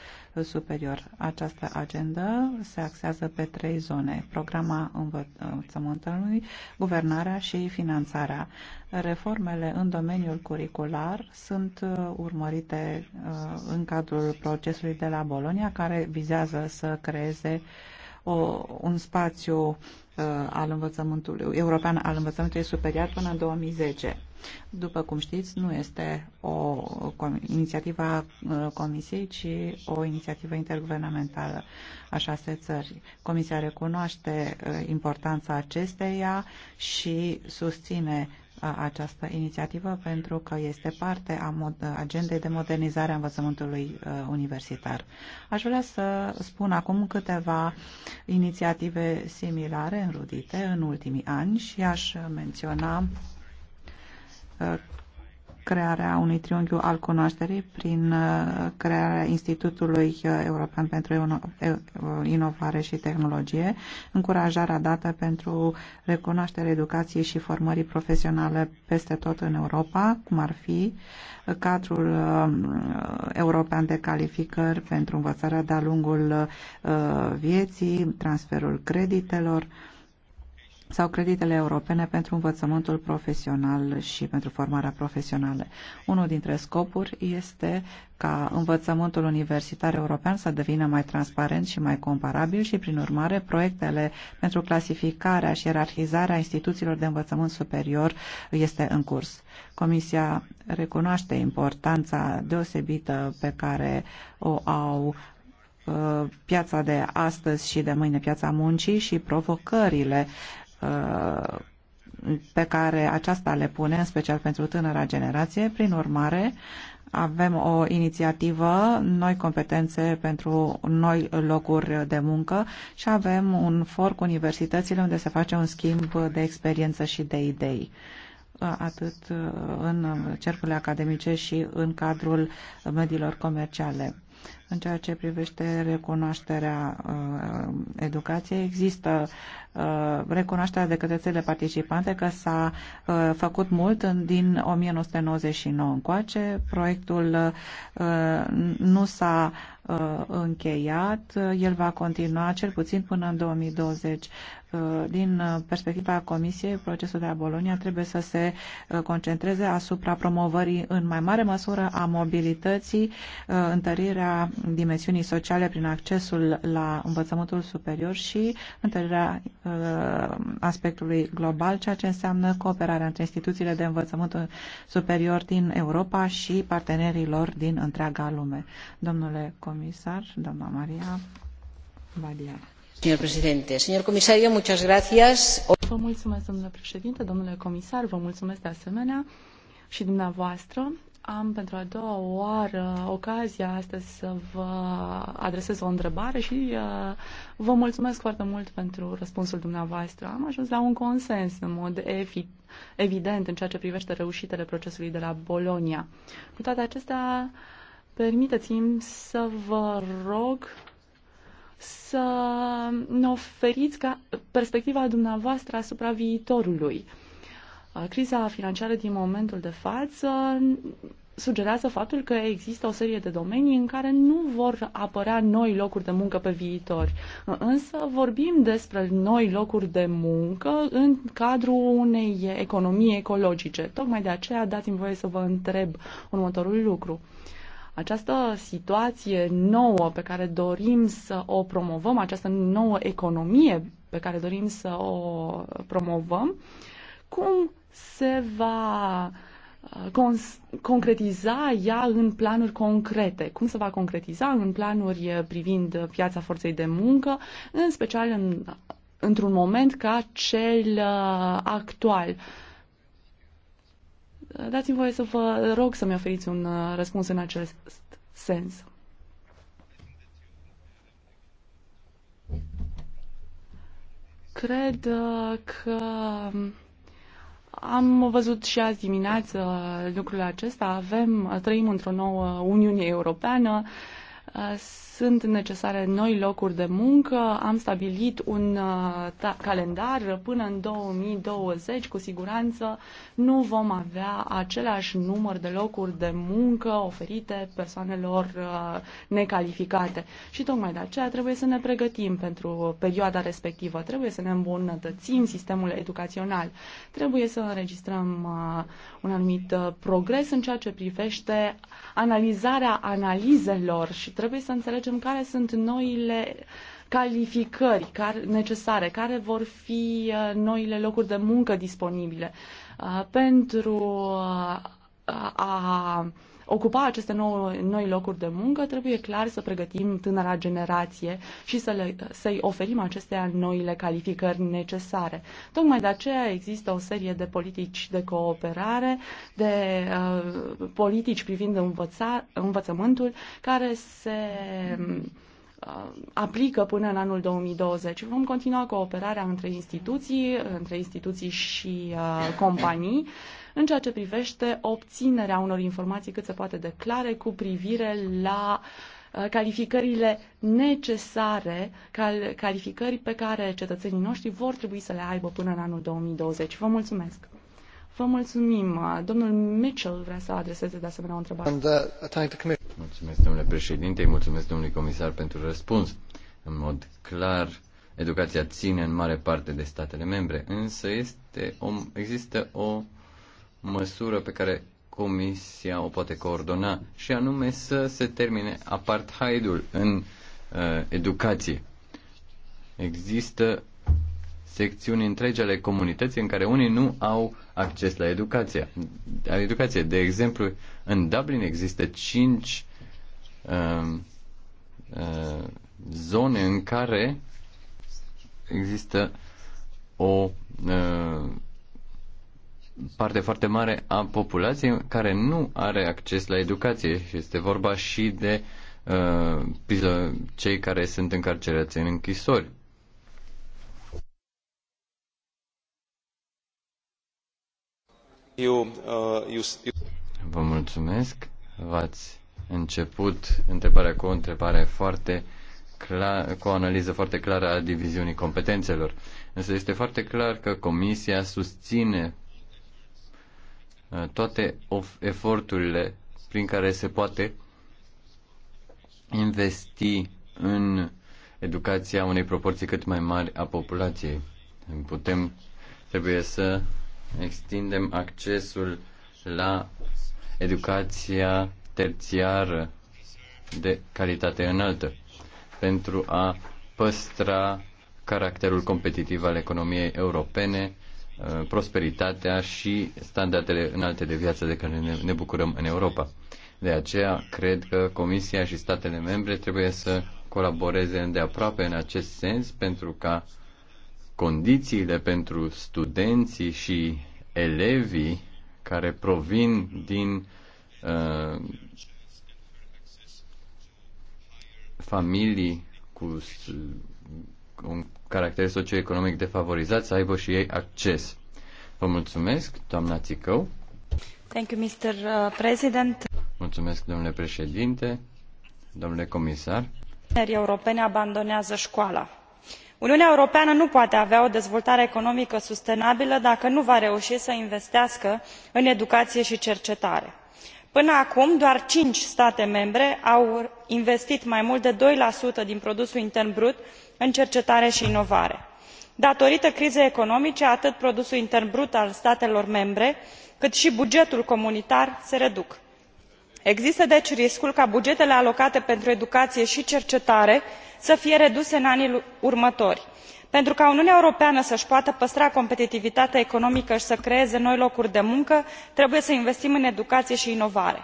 superior. Această agenda se axează pe trei zone, programa învățământului, guvernarea și finanțarea. Reformele în domeniul curricular sunt uh, urmărite uh, în cadrul procesului de la Bolonia, care vizează să creeze uh, o, un spațiu uh, al învățământului european al învățământului superior până în 2010. După cum știți, nu este o inițiativă a uh, Comisiei, ci o inițiativă interguvernamentală a șase țări. Comisia recunoaște uh, importanța acesteia și susține această inițiativă pentru că este parte a agendei de modernizare a învățământului universitar. Aș vrea să spun acum câteva inițiative similare înrudite în ultimii ani și aș menționa crearea unui triunghiu al cunoașterii prin uh, crearea Institutului European pentru Inovare și Tehnologie, încurajarea dată pentru recunoașterea educației și formării profesionale peste tot în Europa, cum ar fi cadrul uh, european de calificări pentru învățarea de-a lungul uh, vieții, transferul creditelor, sau creditele europene pentru învățământul profesional și pentru formarea profesională. Unul dintre scopuri este ca învățământul universitar european să devină mai transparent și mai comparabil și, prin urmare, proiectele pentru clasificarea și ierarhizarea instituțiilor de învățământ superior este în curs. Comisia recunoaște importanța deosebită pe care o au uh, piața de astăzi și de mâine, piața muncii și provocările Uh, pe care aceasta le pune, în special pentru tânăra generație. Prin urmare, avem o inițiativă, noi competențe pentru noi locuri de muncă și avem un for cu universitățile unde se face un schimb de experiență și de idei uh, atât uh, în cercurile academice și în cadrul mediilor comerciale. În ceea ce privește recunoașterea uh, educației, există uh, recunoașterea de către țările participante că s-a uh, făcut mult în, din 1999 încoace. Proiectul uh, nu s-a uh, încheiat, el va continua cel puțin până în 2020. Uh, din uh, perspectiva Comisiei, procesul de la Bolonia trebuie să se uh, concentreze asupra promovării în mai mare măsură a mobilității, întărirea dimensiunii sociale prin accesul la învățământul superior și întărirea aspectului global, ceea ce înseamnă cooperarea între instituțiile de învățământ superior din Europa și partenerii lor din întreaga lume. Domnule comisar, doamna Maria Badia. Vă mulțumesc, domnule președinte, domnule comisar, vă mulțumesc de asemenea și dumneavoastră. Am pentru a doua oară ocazia astăzi să vă adresez o întrebare și uh, vă mulțumesc foarte mult pentru răspunsul dumneavoastră. Am ajuns la un consens în mod evident în ceea ce privește reușitele procesului de la Bolonia. Cu toate acestea, permiteți-mi să vă rog să ne oferiți ca perspectiva dumneavoastră asupra viitorului. Uh, criza financiară din momentul de față sugerează faptul că există o serie de domenii în care nu vor apărea noi locuri de muncă pe viitor. Uh, însă vorbim despre noi locuri de muncă în cadrul unei economii ecologice. Tocmai de aceea dați-mi voie să vă întreb următorul lucru. Uh, această situație nouă pe care dorim să o promovăm, această nouă economie pe care dorim să o promovăm, cum se va uh, concretiza ea în planuri concrete? Cum se va concretiza în planuri uh, privind piața forței de muncă, în special în, într-un moment ca cel uh, actual? Dați-mi voie să vă rog să-mi oferiți un uh, răspuns în acest sens. Cred uh, că am văzut și azi dimineață lucrul acesta. Avem, trăim într-o nouă Uniune Europeană uh, sunt necesare noi locuri de muncă. Am stabilit un uh, calendar până în 2020. Cu siguranță nu vom avea același număr de locuri de muncă oferite persoanelor uh, necalificate. Și tocmai de aceea trebuie să ne pregătim pentru perioada respectivă. Trebuie să ne îmbunătățim sistemul educațional. Trebuie să înregistrăm uh, un anumit progres în ceea ce privește analizarea analizelor și trebuie să înțelegem înțelegem care sunt noile calificări care, necesare, care vor fi uh, noile locuri de muncă disponibile uh, pentru uh, a ocupa aceste nou, noi locuri de muncă, trebuie clar să pregătim tânăra generație și să le, să-i oferim acestea noile calificări necesare. Tocmai de aceea există o serie de politici de cooperare, de uh, politici privind învăța, învățământul, care se uh, aplică până în anul 2020. Vom continua cooperarea între instituții, între instituții și uh, companii. Uh, în ceea ce privește obținerea unor informații cât se poate de clare cu privire la uh, calificările necesare, cal- calificări pe care cetățenii noștri vor trebui să le aibă până în anul 2020. Vă mulțumesc! Vă mulțumim. Domnul Mitchell vrea să adreseze de asemenea o întrebare. Uh, mulțumesc, domnule președinte, mulțumesc, domnului comisar, pentru răspuns. În mod clar, educația ține în mare parte de statele membre, însă este o, există o măsură pe care Comisia o poate coordona și anume să se termine apartheidul în uh, educație. Există secțiuni întregi ale comunității în care unii nu au acces la educație. La educație. De exemplu, în Dublin există cinci uh, uh, zone în care există o uh, parte foarte mare a populației care nu are acces la educație și este vorba și de uh, cei care sunt încarcerați în închisori. Uh, Vă mulțumesc. V-ați început întrebarea cu o întrebare foarte clar, cu o analiză foarte clară a diviziunii competențelor. Însă este foarte clar că Comisia susține Uh, toate eforturile prin care se poate investi în educația unei proporții cât mai mari a populației. Putem, trebuie să extindem accesul la educația terțiară de calitate înaltă pentru a păstra caracterul competitiv al economiei europene Uh, prosperitatea și standardele înalte de viață de care ne, ne bucurăm în Europa. De aceea, cred că Comisia și statele membre trebuie să colaboreze îndeaproape în acest sens pentru ca condițiile pentru studenții și elevii care provin din uh, familii cu un caracter socioeconomic defavorizat să aibă și ei acces. Vă mulțumesc, doamna Țicău. Thank you, Mr. Uh, president. Mulțumesc, domnule președinte, domnule comisar. Tinerii europeni abandonează școala. Uniunea Europeană nu poate avea o dezvoltare economică sustenabilă dacă nu va reuși să investească în educație și cercetare până acum doar cinci state membre au investit mai mult de 2% din produsul intern brut în cercetare i inovare. datorită crizei economice atât produsul intern brut al statelor membre cât i bugetul comunitar se reduc. există deci riscul ca bugetele alocate pentru educaie i cercetare să fie reduse în anii următori. pentru ca uniunea europeană să îi poată păstra competitivitatea economică i să creeze noi locuri de muncă trebuie să investim în educaie i inovare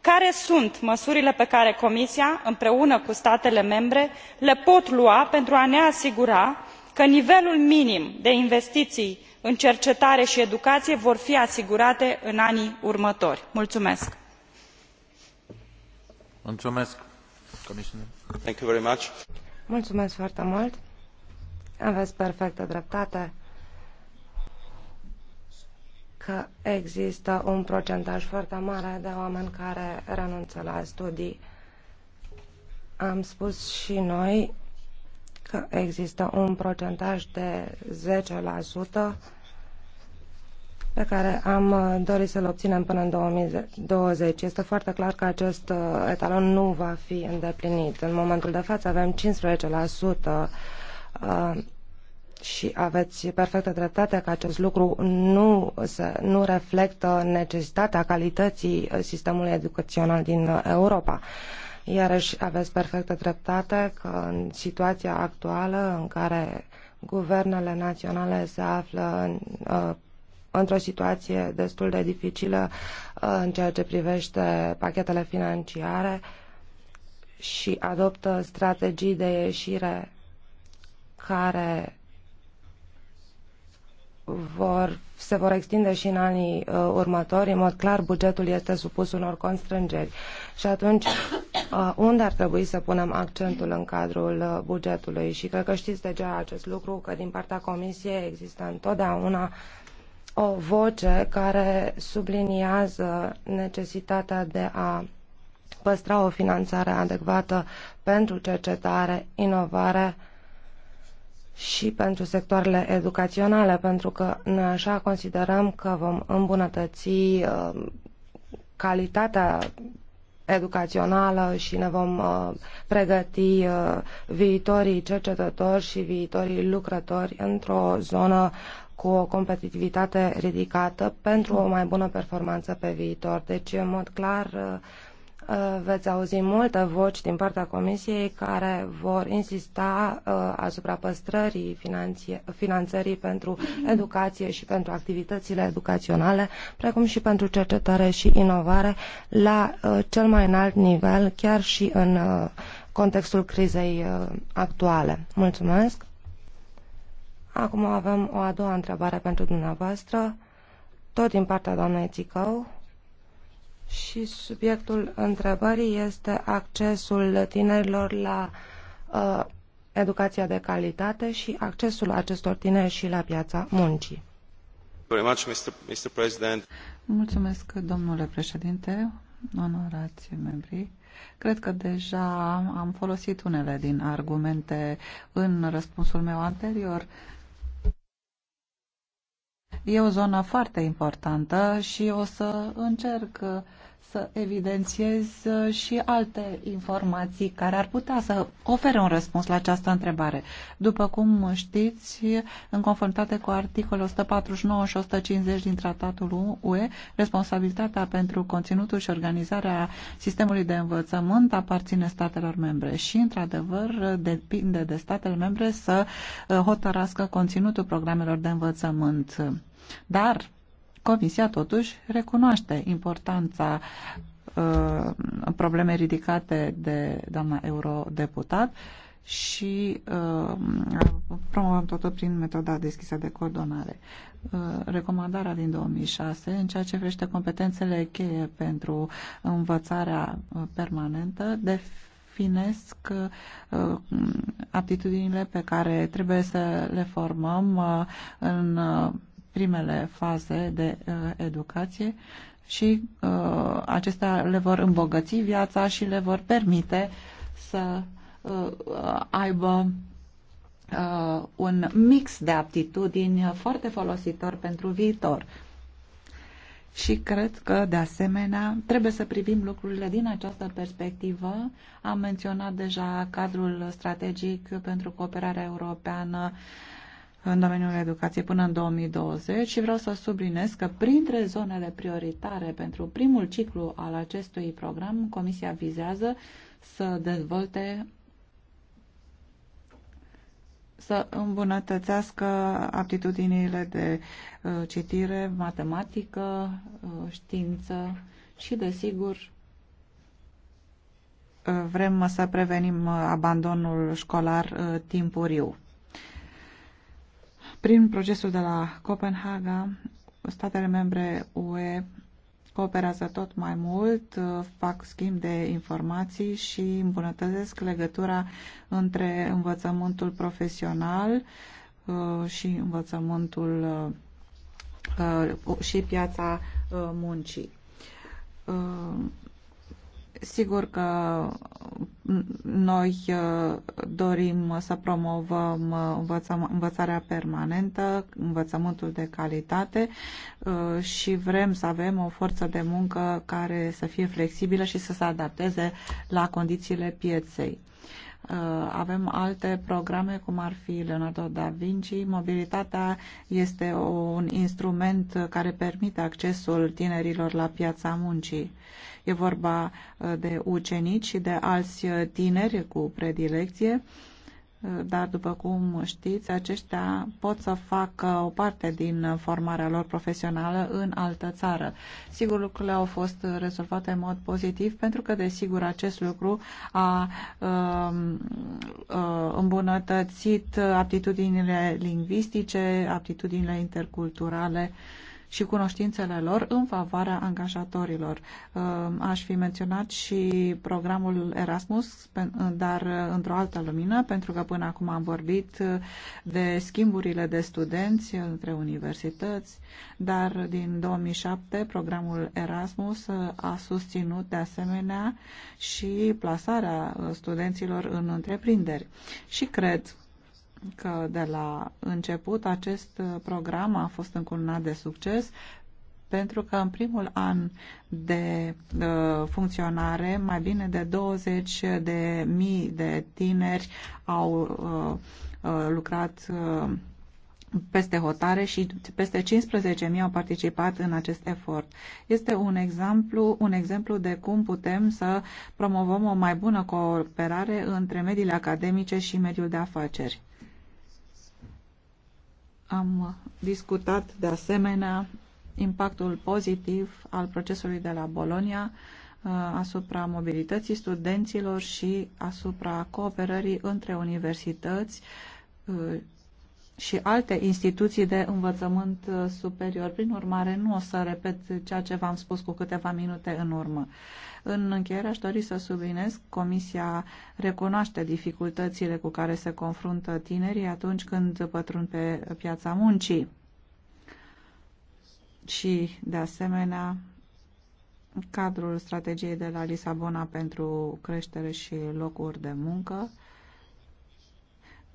care sunt măsurile pe care comisia împreună cu statele membre le pot lua pentru a ne asigura că nivelul minim de investiii în cercetare i educaie vor fi asigurate în anii următori? Mulțumesc foarte mult că există un procentaj foarte mare de oameni care renunță la studii. Am spus și noi că există un procentaj de 10% pe care am uh, dorit să-l obținem până în 2020. Este foarte clar că acest uh, etalon nu va fi îndeplinit. În momentul de față avem 15% și aveți perfectă dreptate că acest lucru nu, se, nu reflectă necesitatea calității uh, sistemului educațional din uh, Europa. Iarăși aveți perfectă dreptate că în situația actuală în care guvernele naționale se află în, uh, într-o situație destul de dificilă uh, în ceea ce privește pachetele financiare și adoptă strategii de ieșire care vor, se vor extinde și în anii uh, următori. În mod clar, bugetul este supus unor constrângeri. Și atunci, uh, unde ar trebui să punem accentul în cadrul uh, bugetului? Și cred că știți deja acest lucru, că din partea Comisiei există întotdeauna o voce care subliniază necesitatea de a păstra o finanțare adecvată pentru cercetare, inovare, uh, și pentru sectoarele educaționale, pentru că noi așa considerăm că vom îmbunătăți uh, calitatea educațională și ne vom uh, pregăti uh, viitorii cercetători și viitorii lucrători într-o zonă cu o competitivitate ridicată pentru o mai bună performanță pe viitor. Deci, în mod clar, Uh, veți auzi multe voci din partea Comisiei care vor insista uh, asupra păstrării finanțării pentru educație și pentru activitățile educaționale, precum și pentru cercetare și inovare la uh, cel mai înalt nivel, chiar și în contextul crizei actuale. Mulțumesc! Acum avem o a doua întrebare pentru dumneavoastră, tot din partea doamnei Țicău și subiectul întrebării este accesul tinerilor la uh, educația de calitate și accesul acestor tineri și la piața muncii. Mulțumesc, domnule președinte, onorați membri. Cred că deja am folosit unele din argumente în răspunsul meu anterior. E o zonă foarte importantă și o să încerc să evidențiez și alte informații care ar putea să ofere un răspuns la această întrebare. După cum știți, în conformitate cu articolul 149 și 150 din Tratatul UE, responsabilitatea pentru conținutul și organizarea sistemului de învățământ aparține statelor membre și, într-adevăr, depinde de statele membre să uh, hotărască conținutul programelor de învățământ dar Comisia totuși recunoaște importanța uh, probleme ridicate de doamna eurodeputat și uh, promovăm totul prin metoda deschisă de coordonare. Uh, recomandarea din 2006 în ceea ce vrește competențele cheie pentru învățarea permanentă de finesc aptitudinile pe care trebuie să le formăm în primele faze de uh, educație și uh, acestea le vor îmbogăți viața și le vor permite să uh, aibă un mix de aptitudini foarte folositor pentru viitor. Și cred că, de asemenea, trebuie să privim lucrurile din această perspectivă. Am menționat deja cadrul strategic pentru cooperarea europeană uh, în domeniul educației până în 2020 și vreau să subliniez că printre zonele prioritare pentru primul ciclu al acestui program, Comisia vizează să dezvolte să îmbunătățească aptitudinile de uh, citire, matematică, uh, știință și, desigur, uh, vrem să prevenim uh, abandonul școlar uh, timpuriu. Prin procesul de la Copenhaga, statele membre UE cooperează tot mai mult, fac schimb de informații și îmbunătățesc legătura între învățământul profesional uh, și învățământul uh, uh, și piața muncii. Sigur că noi uh, dorim să promovăm uh, învățarea permanentă, învățământul de calitate uh, și vrem să avem o forță de muncă care să fie flexibilă și să se adapteze la condițiile pieței. Uh, avem alte programe, cum ar fi Leonardo da Vinci. Mobilitatea este un instrument care permite accesul tinerilor la piața muncii. E vorba uh, de ucenici și de alți uh, tineri cu predilecție dar după cum știți, aceștia pot să facă o parte din formarea lor profesională în altă țară. Sigur, lucrurile au fost rezolvate în mod pozitiv pentru că, desigur, acest lucru a um, uh, îmbunătățit aptitudinile lingvistice, aptitudinile interculturale, uh, și cunoștințele lor în favoarea angajatorilor. Uh, aș fi menționat și programul Erasmus, uh, dar uh, într-o altă lumină, pentru că până acum am vorbit de schimburile de studenți între universități, dar din 2007 programul Erasmus a susținut de asemenea și plasarea studenților în întreprinderi. Și cred că de la început acest program a fost încununat de succes pentru că în primul an de uh, funcționare mai bine de 20 de mii de tineri au uh, uh, lucrat uh, peste hotare și peste 15.000 au participat în acest efort. Este un exemplu, un exemplu de cum putem să promovăm o mai bună cooperare între mediile academice și mediul de afaceri. Am discutat de asemenea impactul pozitiv al procesului de la Bolonia uh, asupra mobilității studenților și asupra cooperării între universități uh, și alte instituții de învățământ uh, superior. Prin urmare, nu o să repet ceea ce v-am spus cu câteva minute în urmă. În încheiere, aș dori să subliniez Comisia recunoaște dificultățile cu care se confruntă tinerii atunci când pătrund pe piața muncii. Și, de asemenea, cadrul strategiei de la Lisabona pentru creștere și locuri de muncă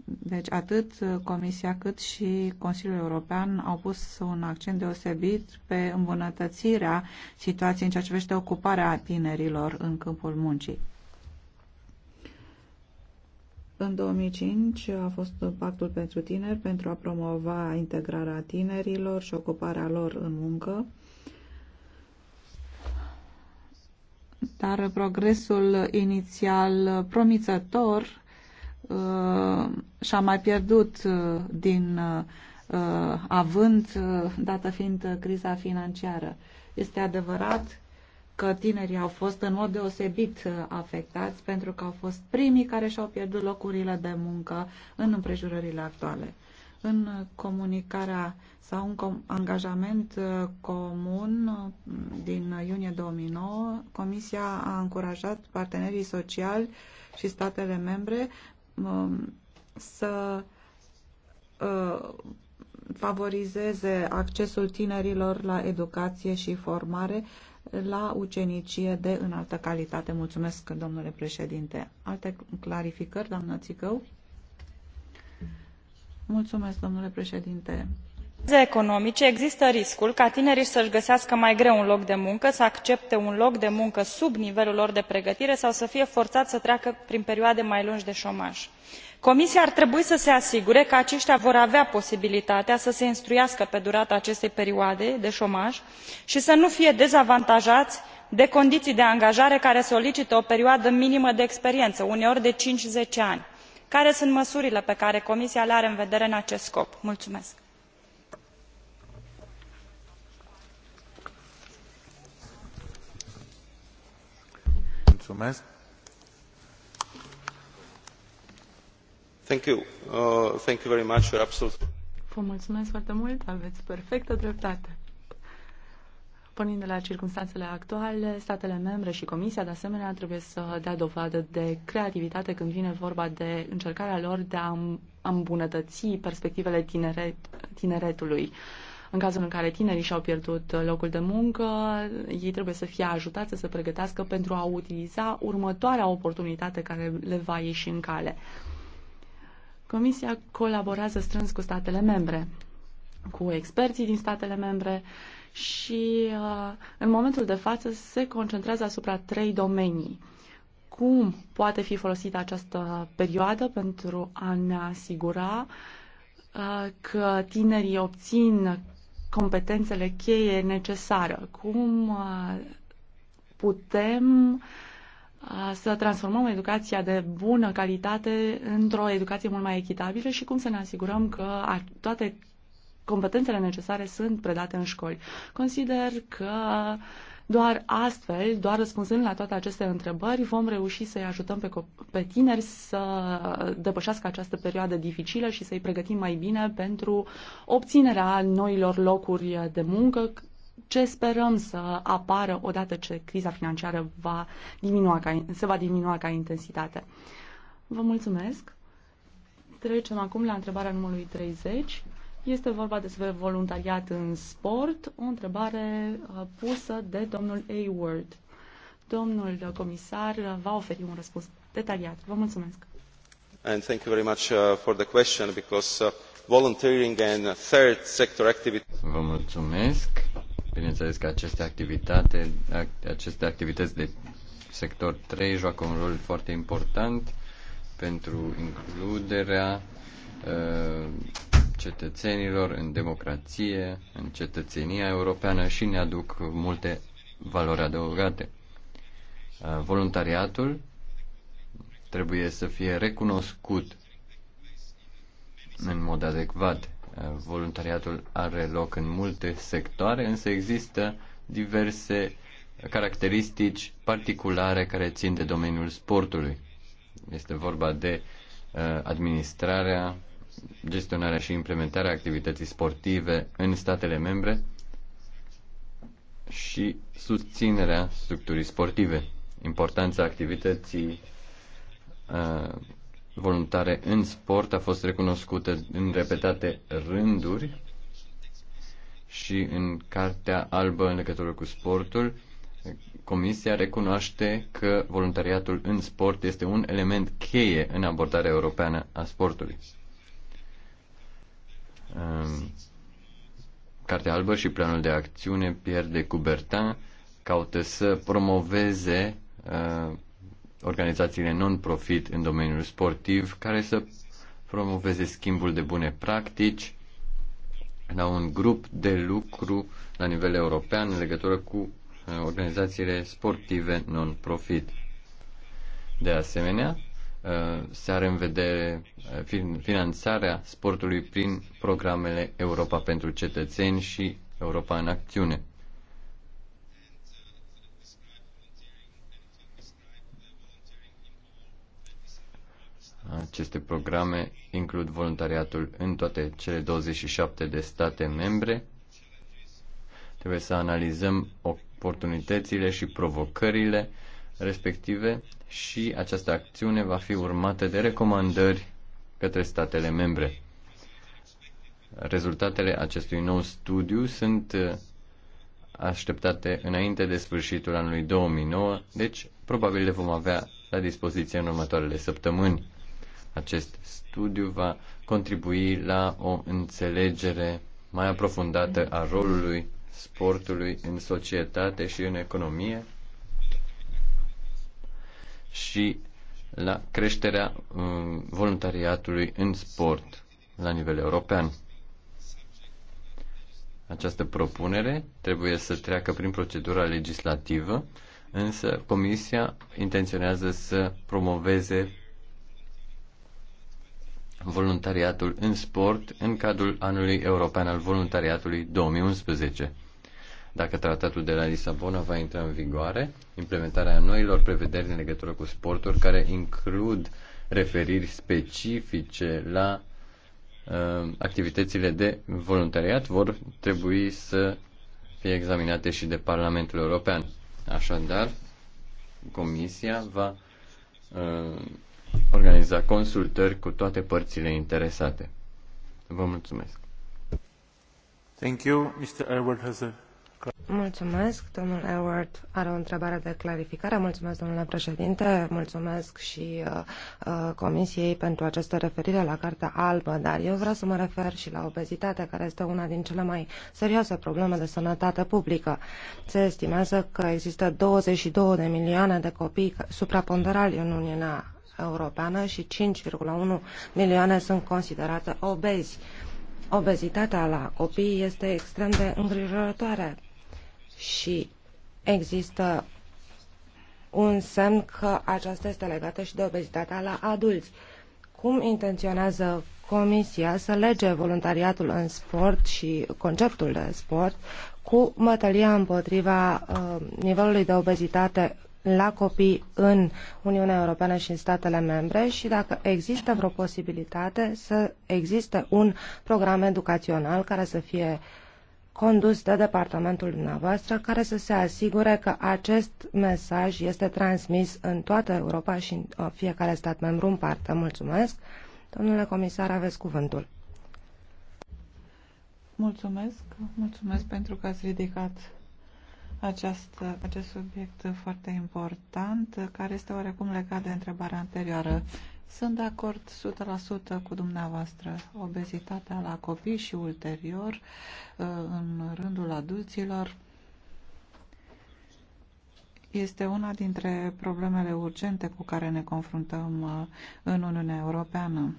deci atât Comisia cât și Consiliul European au pus un accent deosebit pe îmbunătățirea situației în ceea ce privește ocuparea tinerilor în câmpul muncii. În 2005 a fost Pactul pentru Tineri pentru a promova integrarea tinerilor și ocuparea lor în muncă. Dar progresul inițial promițător Uh, și-a mai pierdut uh, din uh, avânt, dată fiind criza financiară. Este adevărat că tinerii au fost în mod deosebit afectați pentru că au fost primii care și-au pierdut locurile de muncă în împrejurările actuale. În comunicarea sau un angajament comun din iunie 2009, Comisia a încurajat partenerii sociali și statele membre Um, să uh, favorizeze accesul tinerilor la educație și formare la ucenicie de înaltă calitate. Mulțumesc, domnule președinte. Alte clarificări, doamnă Țicău? Mulțumesc, domnule președinte economice există riscul ca tinerii să îi găsească mai greu un loc de muncă să accepte un loc de muncă sub nivelul lor de pregătire sau să fie forai să treacă prin perioade mai lungi de omaj. comisia ar trebui să se asigure că acetia vor avea posibilitatea să se instruiască pe durata acestei perioade de omaj i să nu fie dezavantajai de condiii de angajare care solicită o perioadă minimă de experienă uneori de cinci zece ani. care sunt măsurile pe care comisia le are în vedere în acest scop? Mulțumesc. Uh, mulțumesc foarte mult, perfectă dreptate. Pornind de la circunstanțele actuale, statele membre și Comisia, de asemenea, trebuie să dea dovadă de creativitate când vine vorba de încercarea lor de a îmbunătăți perspectivele tineret, tineretului. În cazul în care tinerii și-au pierdut uh, locul de muncă, ei trebuie să fie ajutați să se pregătească pentru a utiliza următoarea oportunitate care le va ieși în cale. Comisia colaborează strâns cu statele membre, cu experții din statele membre și uh, în momentul de față se concentrează asupra trei domenii cum poate fi folosită această perioadă pentru a ne asigura uh, că tinerii obțin competențele cheie necesară, cum uh, putem uh, să transformăm educația de bună calitate într-o educație mult mai echitabilă și cum să ne asigurăm că toate competențele necesare sunt predate în școli. Consider că uh, doar astfel, doar răspunzând la toate aceste întrebări, vom reuși să-i ajutăm pe, pe tineri să depășească această perioadă dificilă și să-i pregătim mai bine pentru obținerea noilor locuri de muncă ce sperăm să apară odată ce criza financiară va diminua ca, se va diminua ca intensitate. Vă mulțumesc. Trecem acum la întrebarea numărului 30. Este vorba despre voluntariat în sport, o întrebare uh, pusă de domnul Award. Domnul comisar uh, va oferi un răspuns detaliat. Vă mulțumesc. And thank you very much uh, for the question because volunteering and third sector activity. Vă mulțumesc. Bineînțeles că aceste activitate, aceste activități de sector 3 joacă un rol foarte important pentru includerea cetățenilor, în democrație, în cetățenia europeană și ne aduc multe valori adăugate. Uh, voluntariatul trebuie să fie recunoscut în mod adecvat. Uh, voluntariatul are loc în multe sectoare, însă există diverse caracteristici particulare care țin de domeniul sportului. Este vorba de uh, administrarea gestionarea și implementarea activității sportive în statele membre și susținerea structurii sportive, importanța activității uh, voluntare în sport a fost recunoscută în repetate rânduri și în Cartea Albă în legătură cu sportul, Comisia recunoaște că voluntariatul în sport este un element cheie în abordarea europeană a sportului. Ehm, Cartea Albă și Planul de Acțiune, Pierre de Coubertin, caută să promoveze ehm, organizațiile non-profit în domeniul sportiv care să promoveze schimbul de bune practici la un grup de lucru la nivel european în legătură cu eh, organizațiile sportive non-profit. De asemenea, Uh, se are în vedere uh, finanțarea sportului prin programele Europa pentru cetățeni și Europa în acțiune. Aceste programe includ voluntariatul în toate cele 27 de state membre. Trebuie să analizăm oportunitățile și provocările respective și această acțiune va fi urmată de recomandări către statele membre. Rezultatele acestui nou studiu sunt uh, așteptate înainte de sfârșitul anului 2009, deci probabil le vom avea la dispoziție în următoarele săptămâni. Acest studiu va contribui la o înțelegere mai aprofundată a rolului sportului în societate și în economie și la creșterea uh, voluntariatului în sport la nivel european. Această propunere trebuie să treacă prin procedura legislativă, însă Comisia intenționează să promoveze voluntariatul în sport în cadrul anului european al voluntariatului 2011. Dacă tratatul de la Lisabona va intra în vigoare, implementarea noilor prevederi în legătură cu sporturi care includ referiri specifice la uh, activitățile de voluntariat vor trebui să fie examinate și de Parlamentul European. Așadar, Comisia va uh, organiza consultări cu toate părțile interesate. Vă mulțumesc. Thank you. Mr. Edward Hazard. Mulțumesc, domnul Edward. are o întrebare de clarificare. Mulțumesc, domnule președinte, mulțumesc și uh, uh, Comisiei pentru această referire la Cartea Albă, dar eu vreau să mă refer și la obezitatea, care este una din cele mai serioase probleme de sănătate publică. Se estimează că există 22 de milioane de copii supraponderali în Uniunea Europeană și 5,1 milioane sunt considerate obezi. Obezitatea la copii este extrem de îngrijorătoare și există un semn că aceasta este legată și de obezitatea la adulți. Cum intenționează Comisia să lege voluntariatul în sport și conceptul de sport cu mătălia împotriva uh, nivelului de obezitate la copii în Uniunea Europeană și în statele membre și dacă există vreo posibilitate să existe un program educațional care să fie uh, condus de departamentul dumneavoastră care să se asigure că acest mesaj este transmis în toată Europa și în uh, fiecare stat membru în parte. Mulțumesc. Domnule comisar, aveți cuvântul. Mulțumesc. Mulțumesc pentru că ați ridicat acest, acest subiect foarte important, care este oarecum legat de întrebarea anterioară. Sunt de acord 100% cu dumneavoastră. Obezitatea la copii și ulterior uh, în rândul adulților este una dintre problemele urgente cu care ne confruntăm uh, în Uniunea Europeană.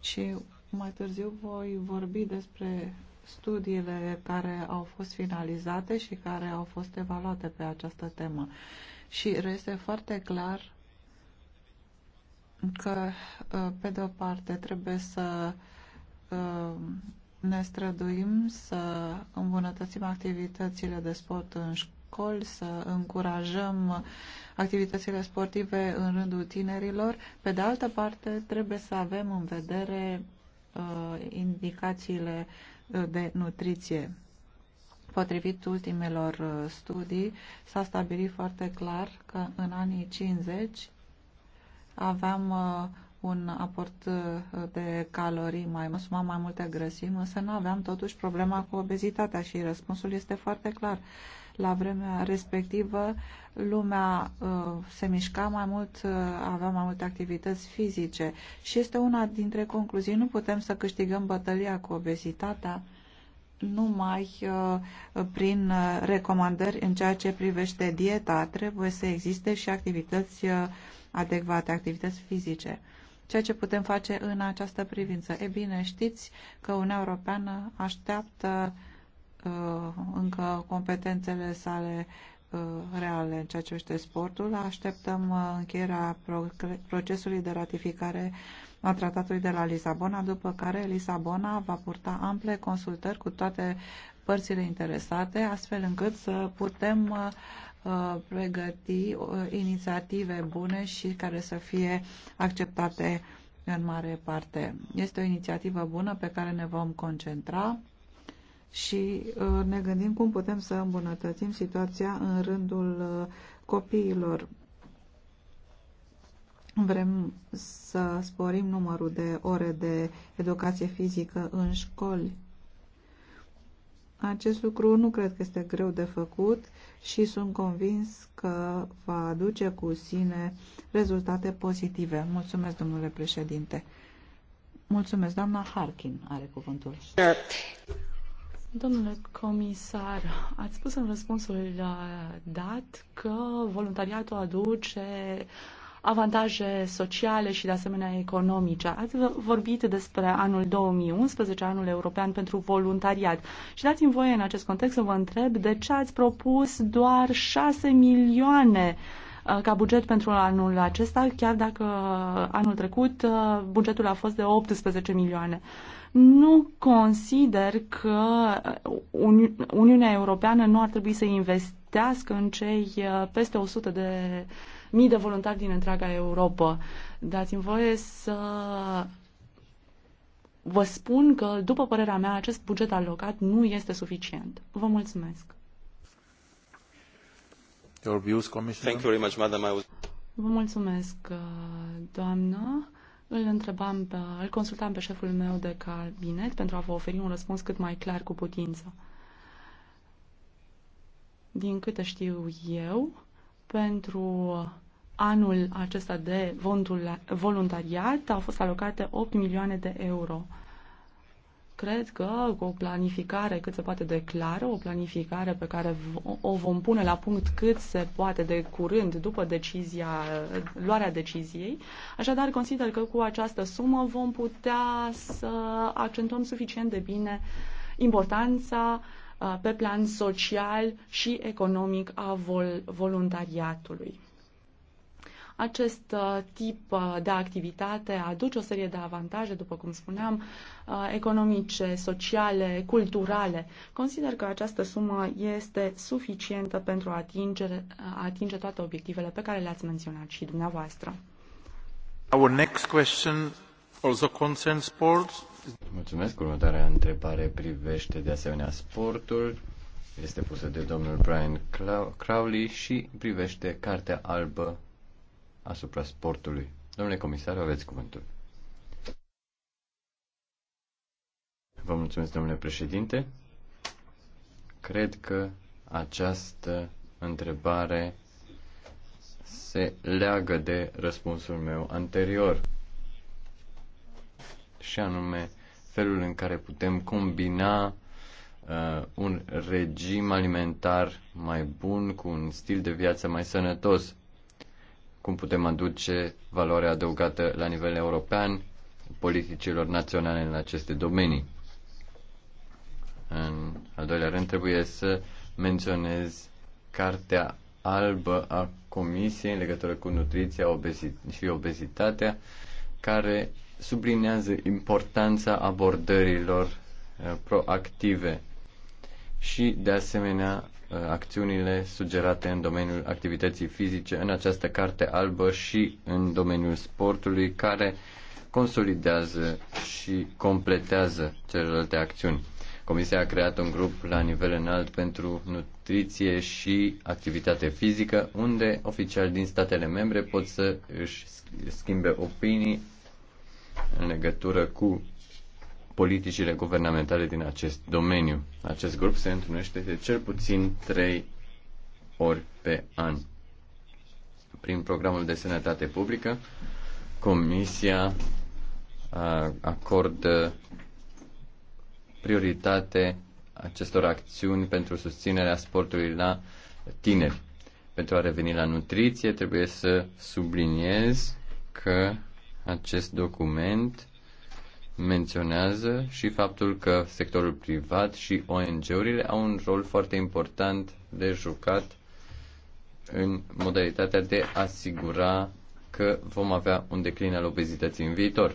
Și mai târziu voi vorbi despre studiile care au fost finalizate și care au fost evaluate pe această temă. Și este foarte clar că, uh, pe de o parte, trebuie să uh, ne străduim să îmbunătățim activitățile de sport în școli, să încurajăm activitățile sportive în rândul tinerilor. Pe de altă parte, trebuie să avem în vedere uh, indicațiile de nutriție. Potrivit ultimelor studii, s-a stabilit foarte clar că în anii 50 aveam uh, un aport uh, de calorii mai sumam mai multe grăsimi, însă nu aveam totuși problema cu obezitatea și răspunsul este foarte clar. La vremea respectivă, lumea uh, se mișca mai mult, avea mai multe activități fizice și este una dintre concluzii. Nu putem să câștigăm bătălia cu obezitatea numai prin recomandări în ceea ce privește dieta. Trebuie să existe și activități adecvate, activități fizice. Ceea ce putem face în această privință? E bine, știți că Uniunea Europeană așteaptă uh, încă competențele sale uh, reale în ceea ce este sportul. Așteptăm uh, încheierea procesului de ratificare a tratatului de la Lisabona, după care Lisabona va purta ample consultări cu toate părțile interesate, astfel încât să putem uh, Uh, pregăti uh, inițiative bune și care să fie acceptate în mare parte. Este o inițiativă bună pe care ne vom concentra și uh, ne gândim cum putem să îmbunătățim situația în rândul copiilor. Vrem să sporim numărul de ore de educație fizică în școli acest lucru nu cred că este greu de făcut și sunt convins că va aduce cu sine rezultate pozitive. Mulțumesc, domnule președinte. Mulțumesc, doamna Harkin are cuvântul. Domnule comisar, ați spus în răspunsul dat că voluntariatul aduce uh, avantaje sociale și de asemenea economice. Ați vorbit despre anul 2011, anul european pentru voluntariat. Și dați-mi voie în acest context să vă întreb de ce ați propus doar 6 milioane uh, Uh, ca buget pentru anul acesta, chiar dacă anul trecut uh, bugetul a fost de 18 milioane. Nu consider că Uni Uniunea Europeană nu ar trebui să investească în cei uh, peste 100 de mii de voluntari din întreaga Europa. Dați-mi voie să vă spun că, după părerea mea, acest buget alocat nu este suficient. Vă mulțumesc! Your views, Commissioner? Thank you very much, madam. I was... Vă mulțumesc, uh, doamnă. Îl întrebam, pe, îl consultam pe șeful meu de cabinet pentru a vă oferi un răspuns cât mai clar cu putință. Din câte știu eu, pentru anul acesta de voluntariat au fost alocate 8 milioane de euro cred că cu o planificare cât se poate de clară, o planificare pe care o vom pune la punct cât se poate de curând după decizia, luarea deciziei. Așadar, consider că cu această sumă vom putea să accentuăm suficient de bine importanța uh, pe plan social și economic a vol- voluntariatului. Acest uh, tip uh, de activitate aduce o serie de avantaje, după cum spuneam, uh, economice, sociale, culturale. Consider că această sumă este suficientă pentru a atinge, a atinge toate obiectivele pe care le-ați menționat și dumneavoastră. Our next question also concerns sports. Mulțumesc. Următoarea întrebare privește de asemenea sportul. Este pusă de domnul Brian Crowley și privește Cartea Albă asupra sportului. Domnule comisar, aveți cuvântul. Vă mulțumesc, domnule președinte. Cred că această întrebare se leagă de răspunsul meu anterior, și anume felul în care putem combina uh, un regim alimentar mai bun cu un stil de viață mai sănătos cum putem aduce valoarea adăugată la nivel european politicilor naționale în aceste domenii. În al doilea rând, trebuie să menționez cartea albă a Comisiei în legătură cu nutriția și obezitatea, care sublinează importanța abordărilor eh, proactive și, de asemenea, Uh, acțiunile sugerate în domeniul activității fizice în această carte albă și în domeniul sportului care consolidează și completează celelalte acțiuni. Comisia a creat un grup la nivel înalt pentru nutriție și activitate fizică, unde oficiali din statele membre pot să își schimbe opinii în legătură cu politicile guvernamentale din acest domeniu. Acest grup se întâlnește de cel puțin trei ori pe an. Prin programul de sănătate publică, Comisia acordă prioritate acestor acțiuni pentru susținerea sportului la tineri. Pentru a reveni la nutriție, trebuie să subliniez că acest document menționează și faptul că sectorul privat și ONG-urile au un rol foarte important de jucat în modalitatea de a asigura că vom avea un declin al obezității în viitor.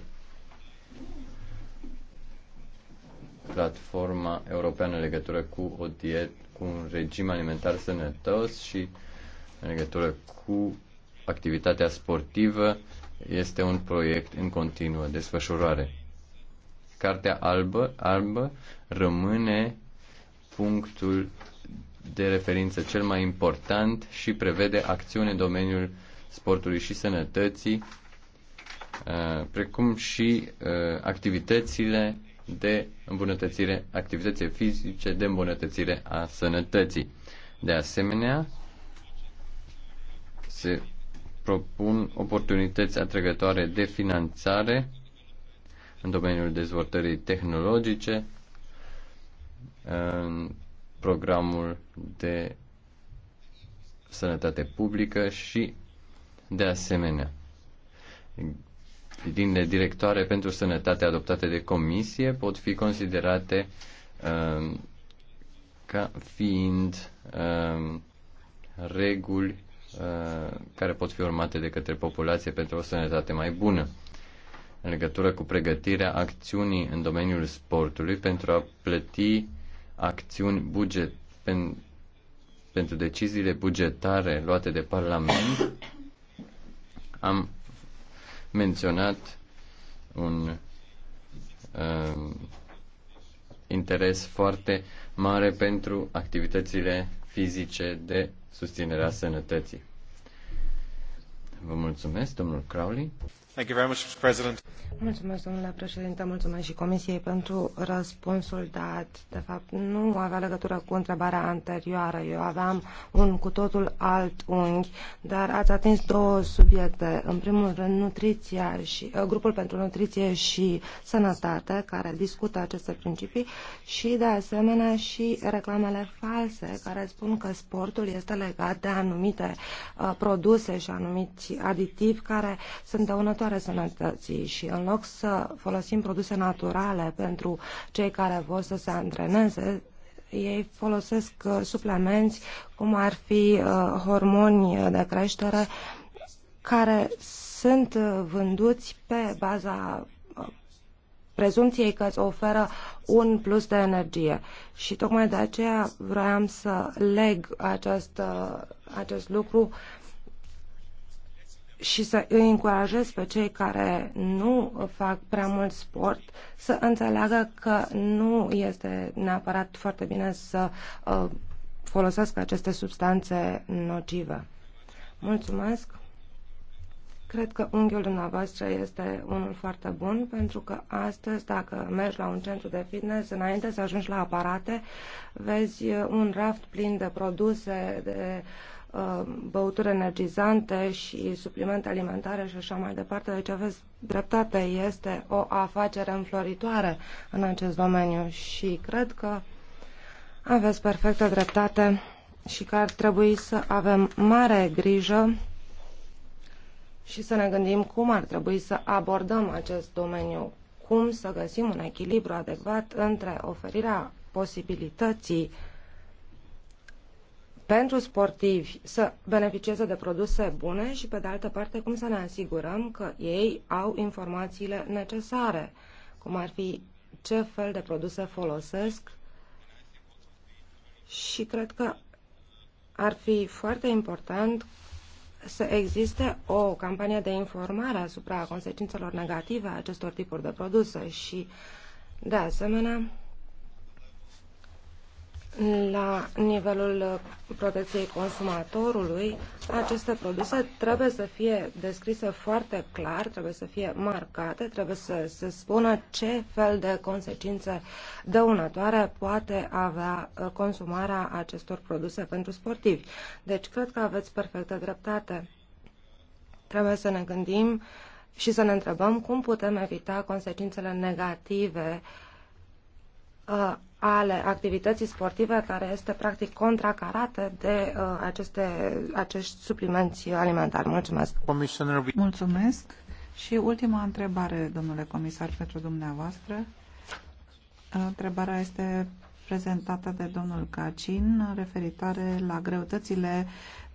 Platforma europeană în legătură cu o dietă, cu un regim alimentar sănătos și în legătură cu activitatea sportivă este un proiect în continuă desfășurare Cartea albă, albă rămâne punctul de referință cel mai important și prevede acțiune în domeniul sportului și sănătății, uh, precum și uh, activitățile de îmbunătățire, activitățile fizice de îmbunătățire a sănătății. De asemenea, se propun oportunități atrăgătoare de finanțare în domeniul dezvoltării tehnologice, în programul de sănătate publică și, de asemenea, linile directoare pentru sănătate adoptate de comisie pot fi considerate um, ca fiind um, reguli uh, care pot fi urmate de către populație pentru o sănătate mai bună în legătură cu pregătirea acțiunii în domeniul sportului pentru a plăti acțiuni buget, pen, pentru deciziile bugetare luate de Parlament. Am menționat un uh, interes foarte mare pentru activitățile fizice de susținere a sănătății. Vă mulțumesc, domnul Crowley. Mulțumesc, domnule președinte, mulțumesc și Comisiei pentru răspunsul dat. De fapt, nu avea legătură cu întrebarea anterioară. Eu aveam un cu totul alt unghi, dar ați atins două subiecte. În primul rând, nutriția și, uh, grupul pentru nutriție și sănătate, care discută aceste principii, și, de asemenea, și reclamele false, care spun că sportul este legat de anumite uh, produse și anumiți aditivi care sunt dăunători dăunătoare sănătății și în loc să folosim produse naturale pentru cei care vor să se antreneze, ei folosesc uh, suplemenți cum ar fi uh, hormoni de creștere care sunt uh, vânduți pe baza prezumției că îți oferă un plus de energie. Și tocmai de aceea vroiam să leg acest, acest lucru uh, și să îi încurajez pe cei care nu fac prea mult sport să înțeleagă că nu este neapărat foarte bine să uh, folosească aceste substanțe nocive. Mulțumesc! Cred că unghiul dumneavoastră este unul foarte bun pentru că astăzi, dacă mergi la un centru de fitness, înainte să ajungi la aparate, vezi un raft plin de produse, de uh, Uh, băuturi energizante și suplimente alimentare și așa mai departe. Deci aveți dreptate, este o afacere înfloritoare în acest domeniu și cred că aveți perfectă dreptate și că ar trebui să avem mare grijă și să ne gândim cum ar trebui să abordăm acest domeniu, cum să găsim un echilibru adecvat între oferirea posibilității pentru sportivi să beneficieze de produse bune și, pe de altă parte, cum să ne asigurăm că ei au informațiile necesare, cum ar fi ce fel de produse folosesc și cred că ar fi foarte important să existe o campanie de informare asupra consecințelor negative a acestor tipuri de produse și, de asemenea, la nivelul protecției consumatorului, aceste produse trebuie să fie descrise foarte clar, trebuie să fie marcate, trebuie să se spună ce fel de consecințe dăunătoare poate avea uh, consumarea acestor produse pentru sportivi. Deci cred că aveți perfectă dreptate. Trebuie să ne gândim și să ne întrebăm cum putem evita consecințele negative uh, ale activității sportive care este practic contracarată de uh, aceste, acești suplimenți alimentari. Mulțumesc! Mulțumesc! Și ultima întrebare, domnule comisar, pentru dumneavoastră. Uh, întrebarea este prezentată de domnul Cacin referitoare la greutățile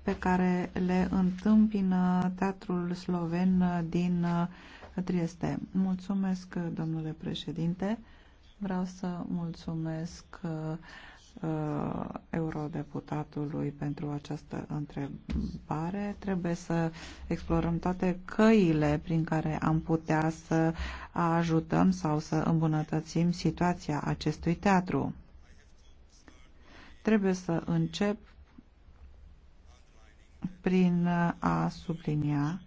pe care le întâmpină teatrul sloven din uh, Trieste. Mulțumesc, domnule președinte. Vreau să mulțumesc uh, eurodeputatului pentru această întrebare. Trebuie să explorăm toate căile prin care am putea să ajutăm sau să îmbunătățim situația acestui teatru. Trebuie să încep prin a sublinia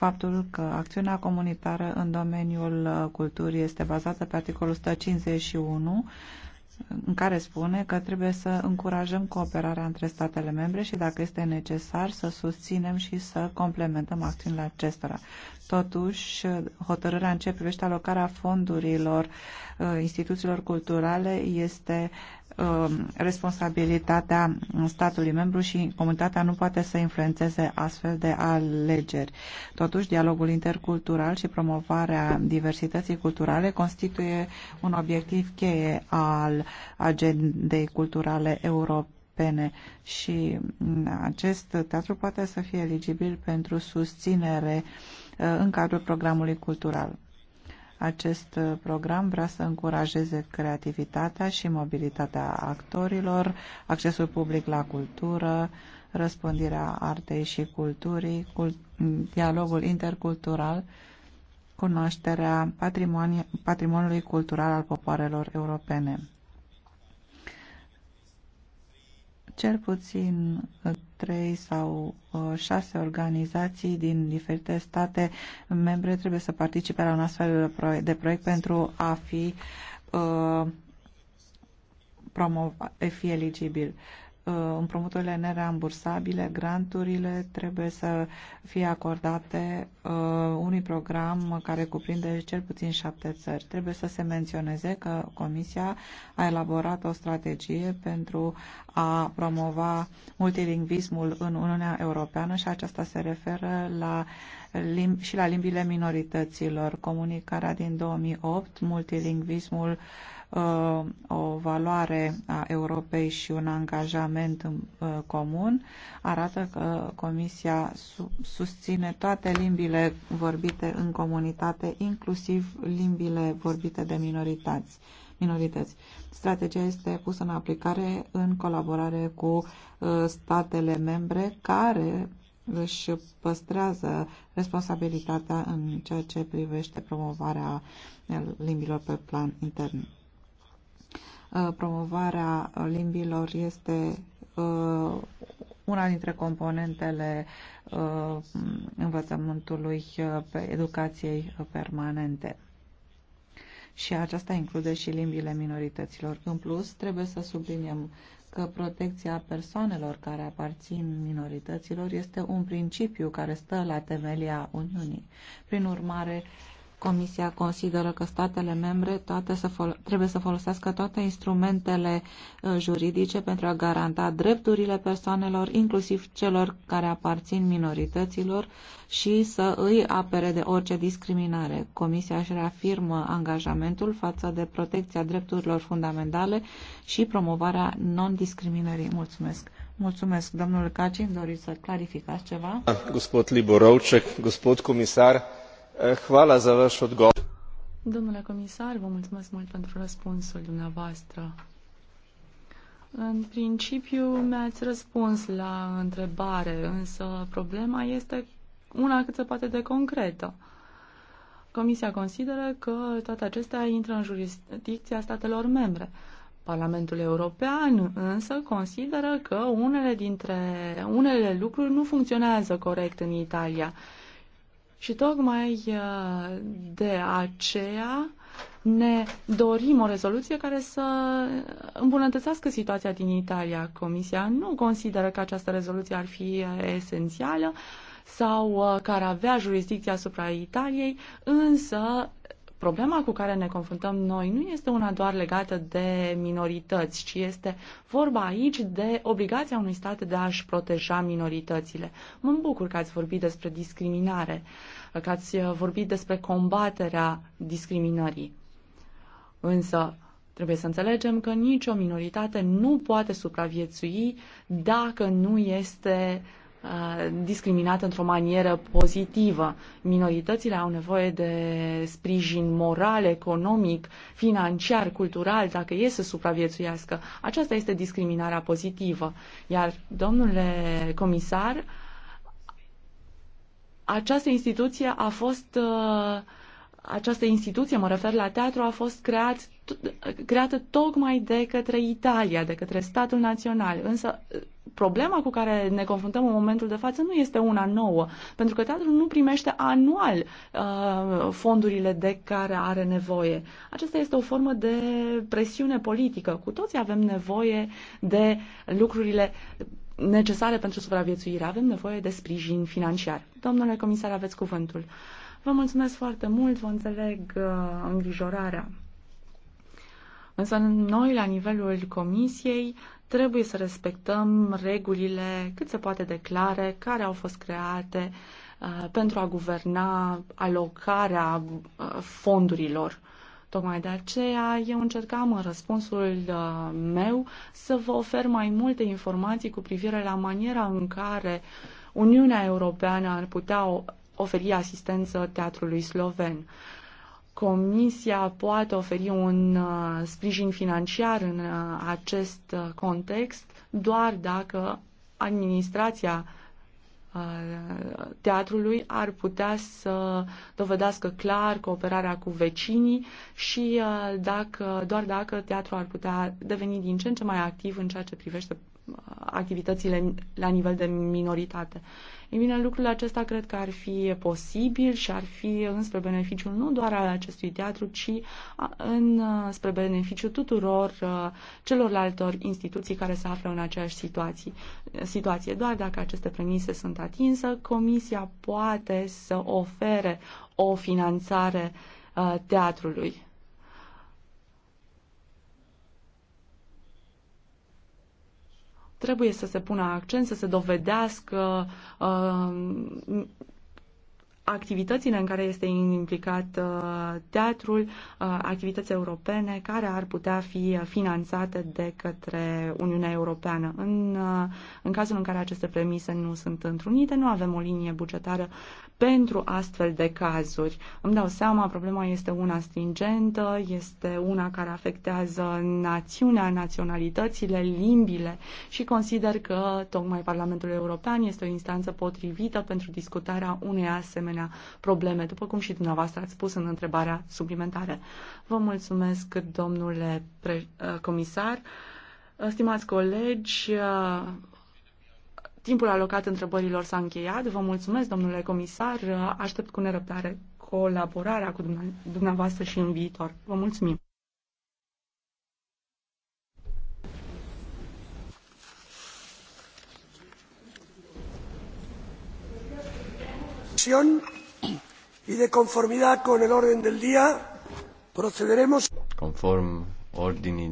faptul că acțiunea comunitară în domeniul uh, culturii este bazată pe articolul 151 în care spune că trebuie să încurajăm cooperarea între statele membre și dacă este necesar să susținem și să complementăm acțiunile acestora. Totuși, hotărârea în ce privește alocarea fondurilor uh, instituțiilor culturale este Um, responsabilitatea statului membru și comunitatea nu poate să influențeze astfel de alegeri. Totuși, dialogul intercultural și promovarea diversității culturale constituie un obiectiv cheie al agendei culturale europene și mm, acest teatru poate să fie eligibil pentru susținere uh, în cadrul programului cultural. Acest uh, program vrea să încurajeze creativitatea și mobilitatea actorilor, accesul public la cultură, răspândirea artei și culturii, cult mm, dialogul intercultural, cunoașterea patrimoniului cultural al popoarelor europene. cel puțin uh, trei sau uh, șase organizații din diferite state membre trebuie să participe la un astfel de proiect pentru a fi uh, promovat, fi eligibil. Uh, împrumuturile nereambursabile, granturile trebuie să fie acordate uh, unui program care cuprinde cel puțin șapte țări. Trebuie să se menționeze că Comisia a elaborat o strategie pentru a promova multilingvismul în Uniunea Europeană și aceasta se referă la lim- și la limbile minorităților. Comunicarea din 2008, multilingvismul uh, uh, o valoare a Europei și un angajament în, uh, comun arată că Comisia su susține toate limbile vorbite în comunitate, inclusiv limbile vorbite de minorități. minorități. Strategia este pusă în aplicare în colaborare cu uh, statele membre care își păstrează responsabilitatea în ceea ce privește promovarea uh, limbilor pe plan intern. Uh, promovarea limbilor este uh, una dintre componentele uh, învățământului pe educației permanente. Și aceasta include și limbile minorităților. În plus, trebuie să subliniem că protecția persoanelor care aparțin minorităților este un principiu care stă la temelia Uniunii. Prin urmare, Comisia consideră că statele membre toate să trebuie să folosească toate instrumentele uh, juridice pentru a garanta drepturile persoanelor, inclusiv celor care aparțin minorităților, și să îi apere de orice discriminare. Comisia își reafirmă angajamentul față de protecția drepturilor fundamentale și promovarea non-discriminării. Mulțumesc! Mulțumesc, domnule Cacin, doriți să clarificați ceva? Da, gospod Liborovcek, gospod comisar, Eh, hvala za vaš odgovor. Domnule comisar, vă mulțumesc mult pentru răspunsul dumneavoastră. În principiu mi-ați răspuns la întrebare, însă problema este una cât se poate de concretă. Comisia consideră că toate acestea intră în jurisdicția statelor membre. Parlamentul European însă consideră că unele dintre unele lucruri nu funcționează corect în Italia și tocmai uh, de aceea ne dorim o rezoluție care să îmbunătățească situația din Italia. Comisia nu consideră că această rezoluție ar fi uh, esențială sau uh, care avea jurisdicția asupra Italiei, însă Problema cu care ne confruntăm noi nu este una doar legată de minorități, ci este vorba aici de obligația unui stat de a-și proteja minoritățile. Mă bucur că ați vorbit despre discriminare, că ați vorbit despre combaterea discriminării. Însă, Trebuie să înțelegem că nicio minoritate nu poate supraviețui dacă nu este Uh, discriminat într-o manieră pozitivă. Minoritățile au nevoie de sprijin moral, economic, financiar, cultural, dacă e să supraviețuiască. Aceasta este discriminarea pozitivă. Iar, domnule comisar, această instituție a fost uh, această instituție, mă refer la teatru, a fost creat, creată tocmai de către Italia, de către statul național. Însă problema cu care ne confruntăm în momentul de față nu este una nouă, pentru că teatrul nu primește anual uh, fondurile de care are nevoie. Aceasta este o formă de presiune politică. Cu toții avem nevoie de lucrurile necesare pentru supraviețuire. Avem nevoie de sprijin financiar. Domnule comisar, aveți cuvântul. Vă mulțumesc foarte mult, vă înțeleg uh, îngrijorarea. Însă noi, la nivelul comisiei, trebuie să respectăm regulile cât se poate de clare care au fost create uh, pentru a guverna alocarea uh, fondurilor. Tocmai de aceea eu încercam în răspunsul uh, meu să vă ofer mai multe informații cu privire la maniera în care Uniunea Europeană ar putea oferi asistență teatrului sloven. Uh, Comisia poate oferi un uh, sprijin financiar în uh, acest uh, context doar dacă administrația teatrului ar putea să dovedească clar cooperarea cu vecinii și dacă, doar dacă teatrul ar putea deveni din ce în ce mai activ în ceea ce privește activitățile la nivel de minoritate. Ei bine, lucrul acesta cred că ar fi posibil și ar fi înspre beneficiul nu doar al acestui teatru, ci în, spre beneficiul tuturor celorlalte instituții care se află în aceeași situație. situație. Doar dacă aceste premise sunt atinsă, Comisia poate să ofere o finanțare teatrului. trebuie să se pună accent, să se dovedească uh, activitățile în care este implicat uh, teatrul, uh, activități europene care ar putea fi finanțate de către Uniunea Europeană. În, uh, în cazul în care aceste premise nu sunt întrunite, nu avem o linie bugetară pentru astfel de cazuri. Îmi dau seama, problema este una stringentă, este una care afectează națiunea, naționalitățile, limbile și consider că tocmai Parlamentul European este o instanță potrivită pentru discutarea unei asemenea asemenea probleme, după cum și dumneavoastră ați spus în întrebarea suplimentară. Vă mulțumesc, domnule uh, comisar. Uh, stimați colegi, uh, timpul alocat întrebărilor s-a încheiat. Vă mulțumesc, domnule comisar. Aștept cu nerăbdare colaborarea cu dumneavoastră și în viitor. Vă mulțumim! comisión y de conformidad con el orden del día procederemos conform ordinii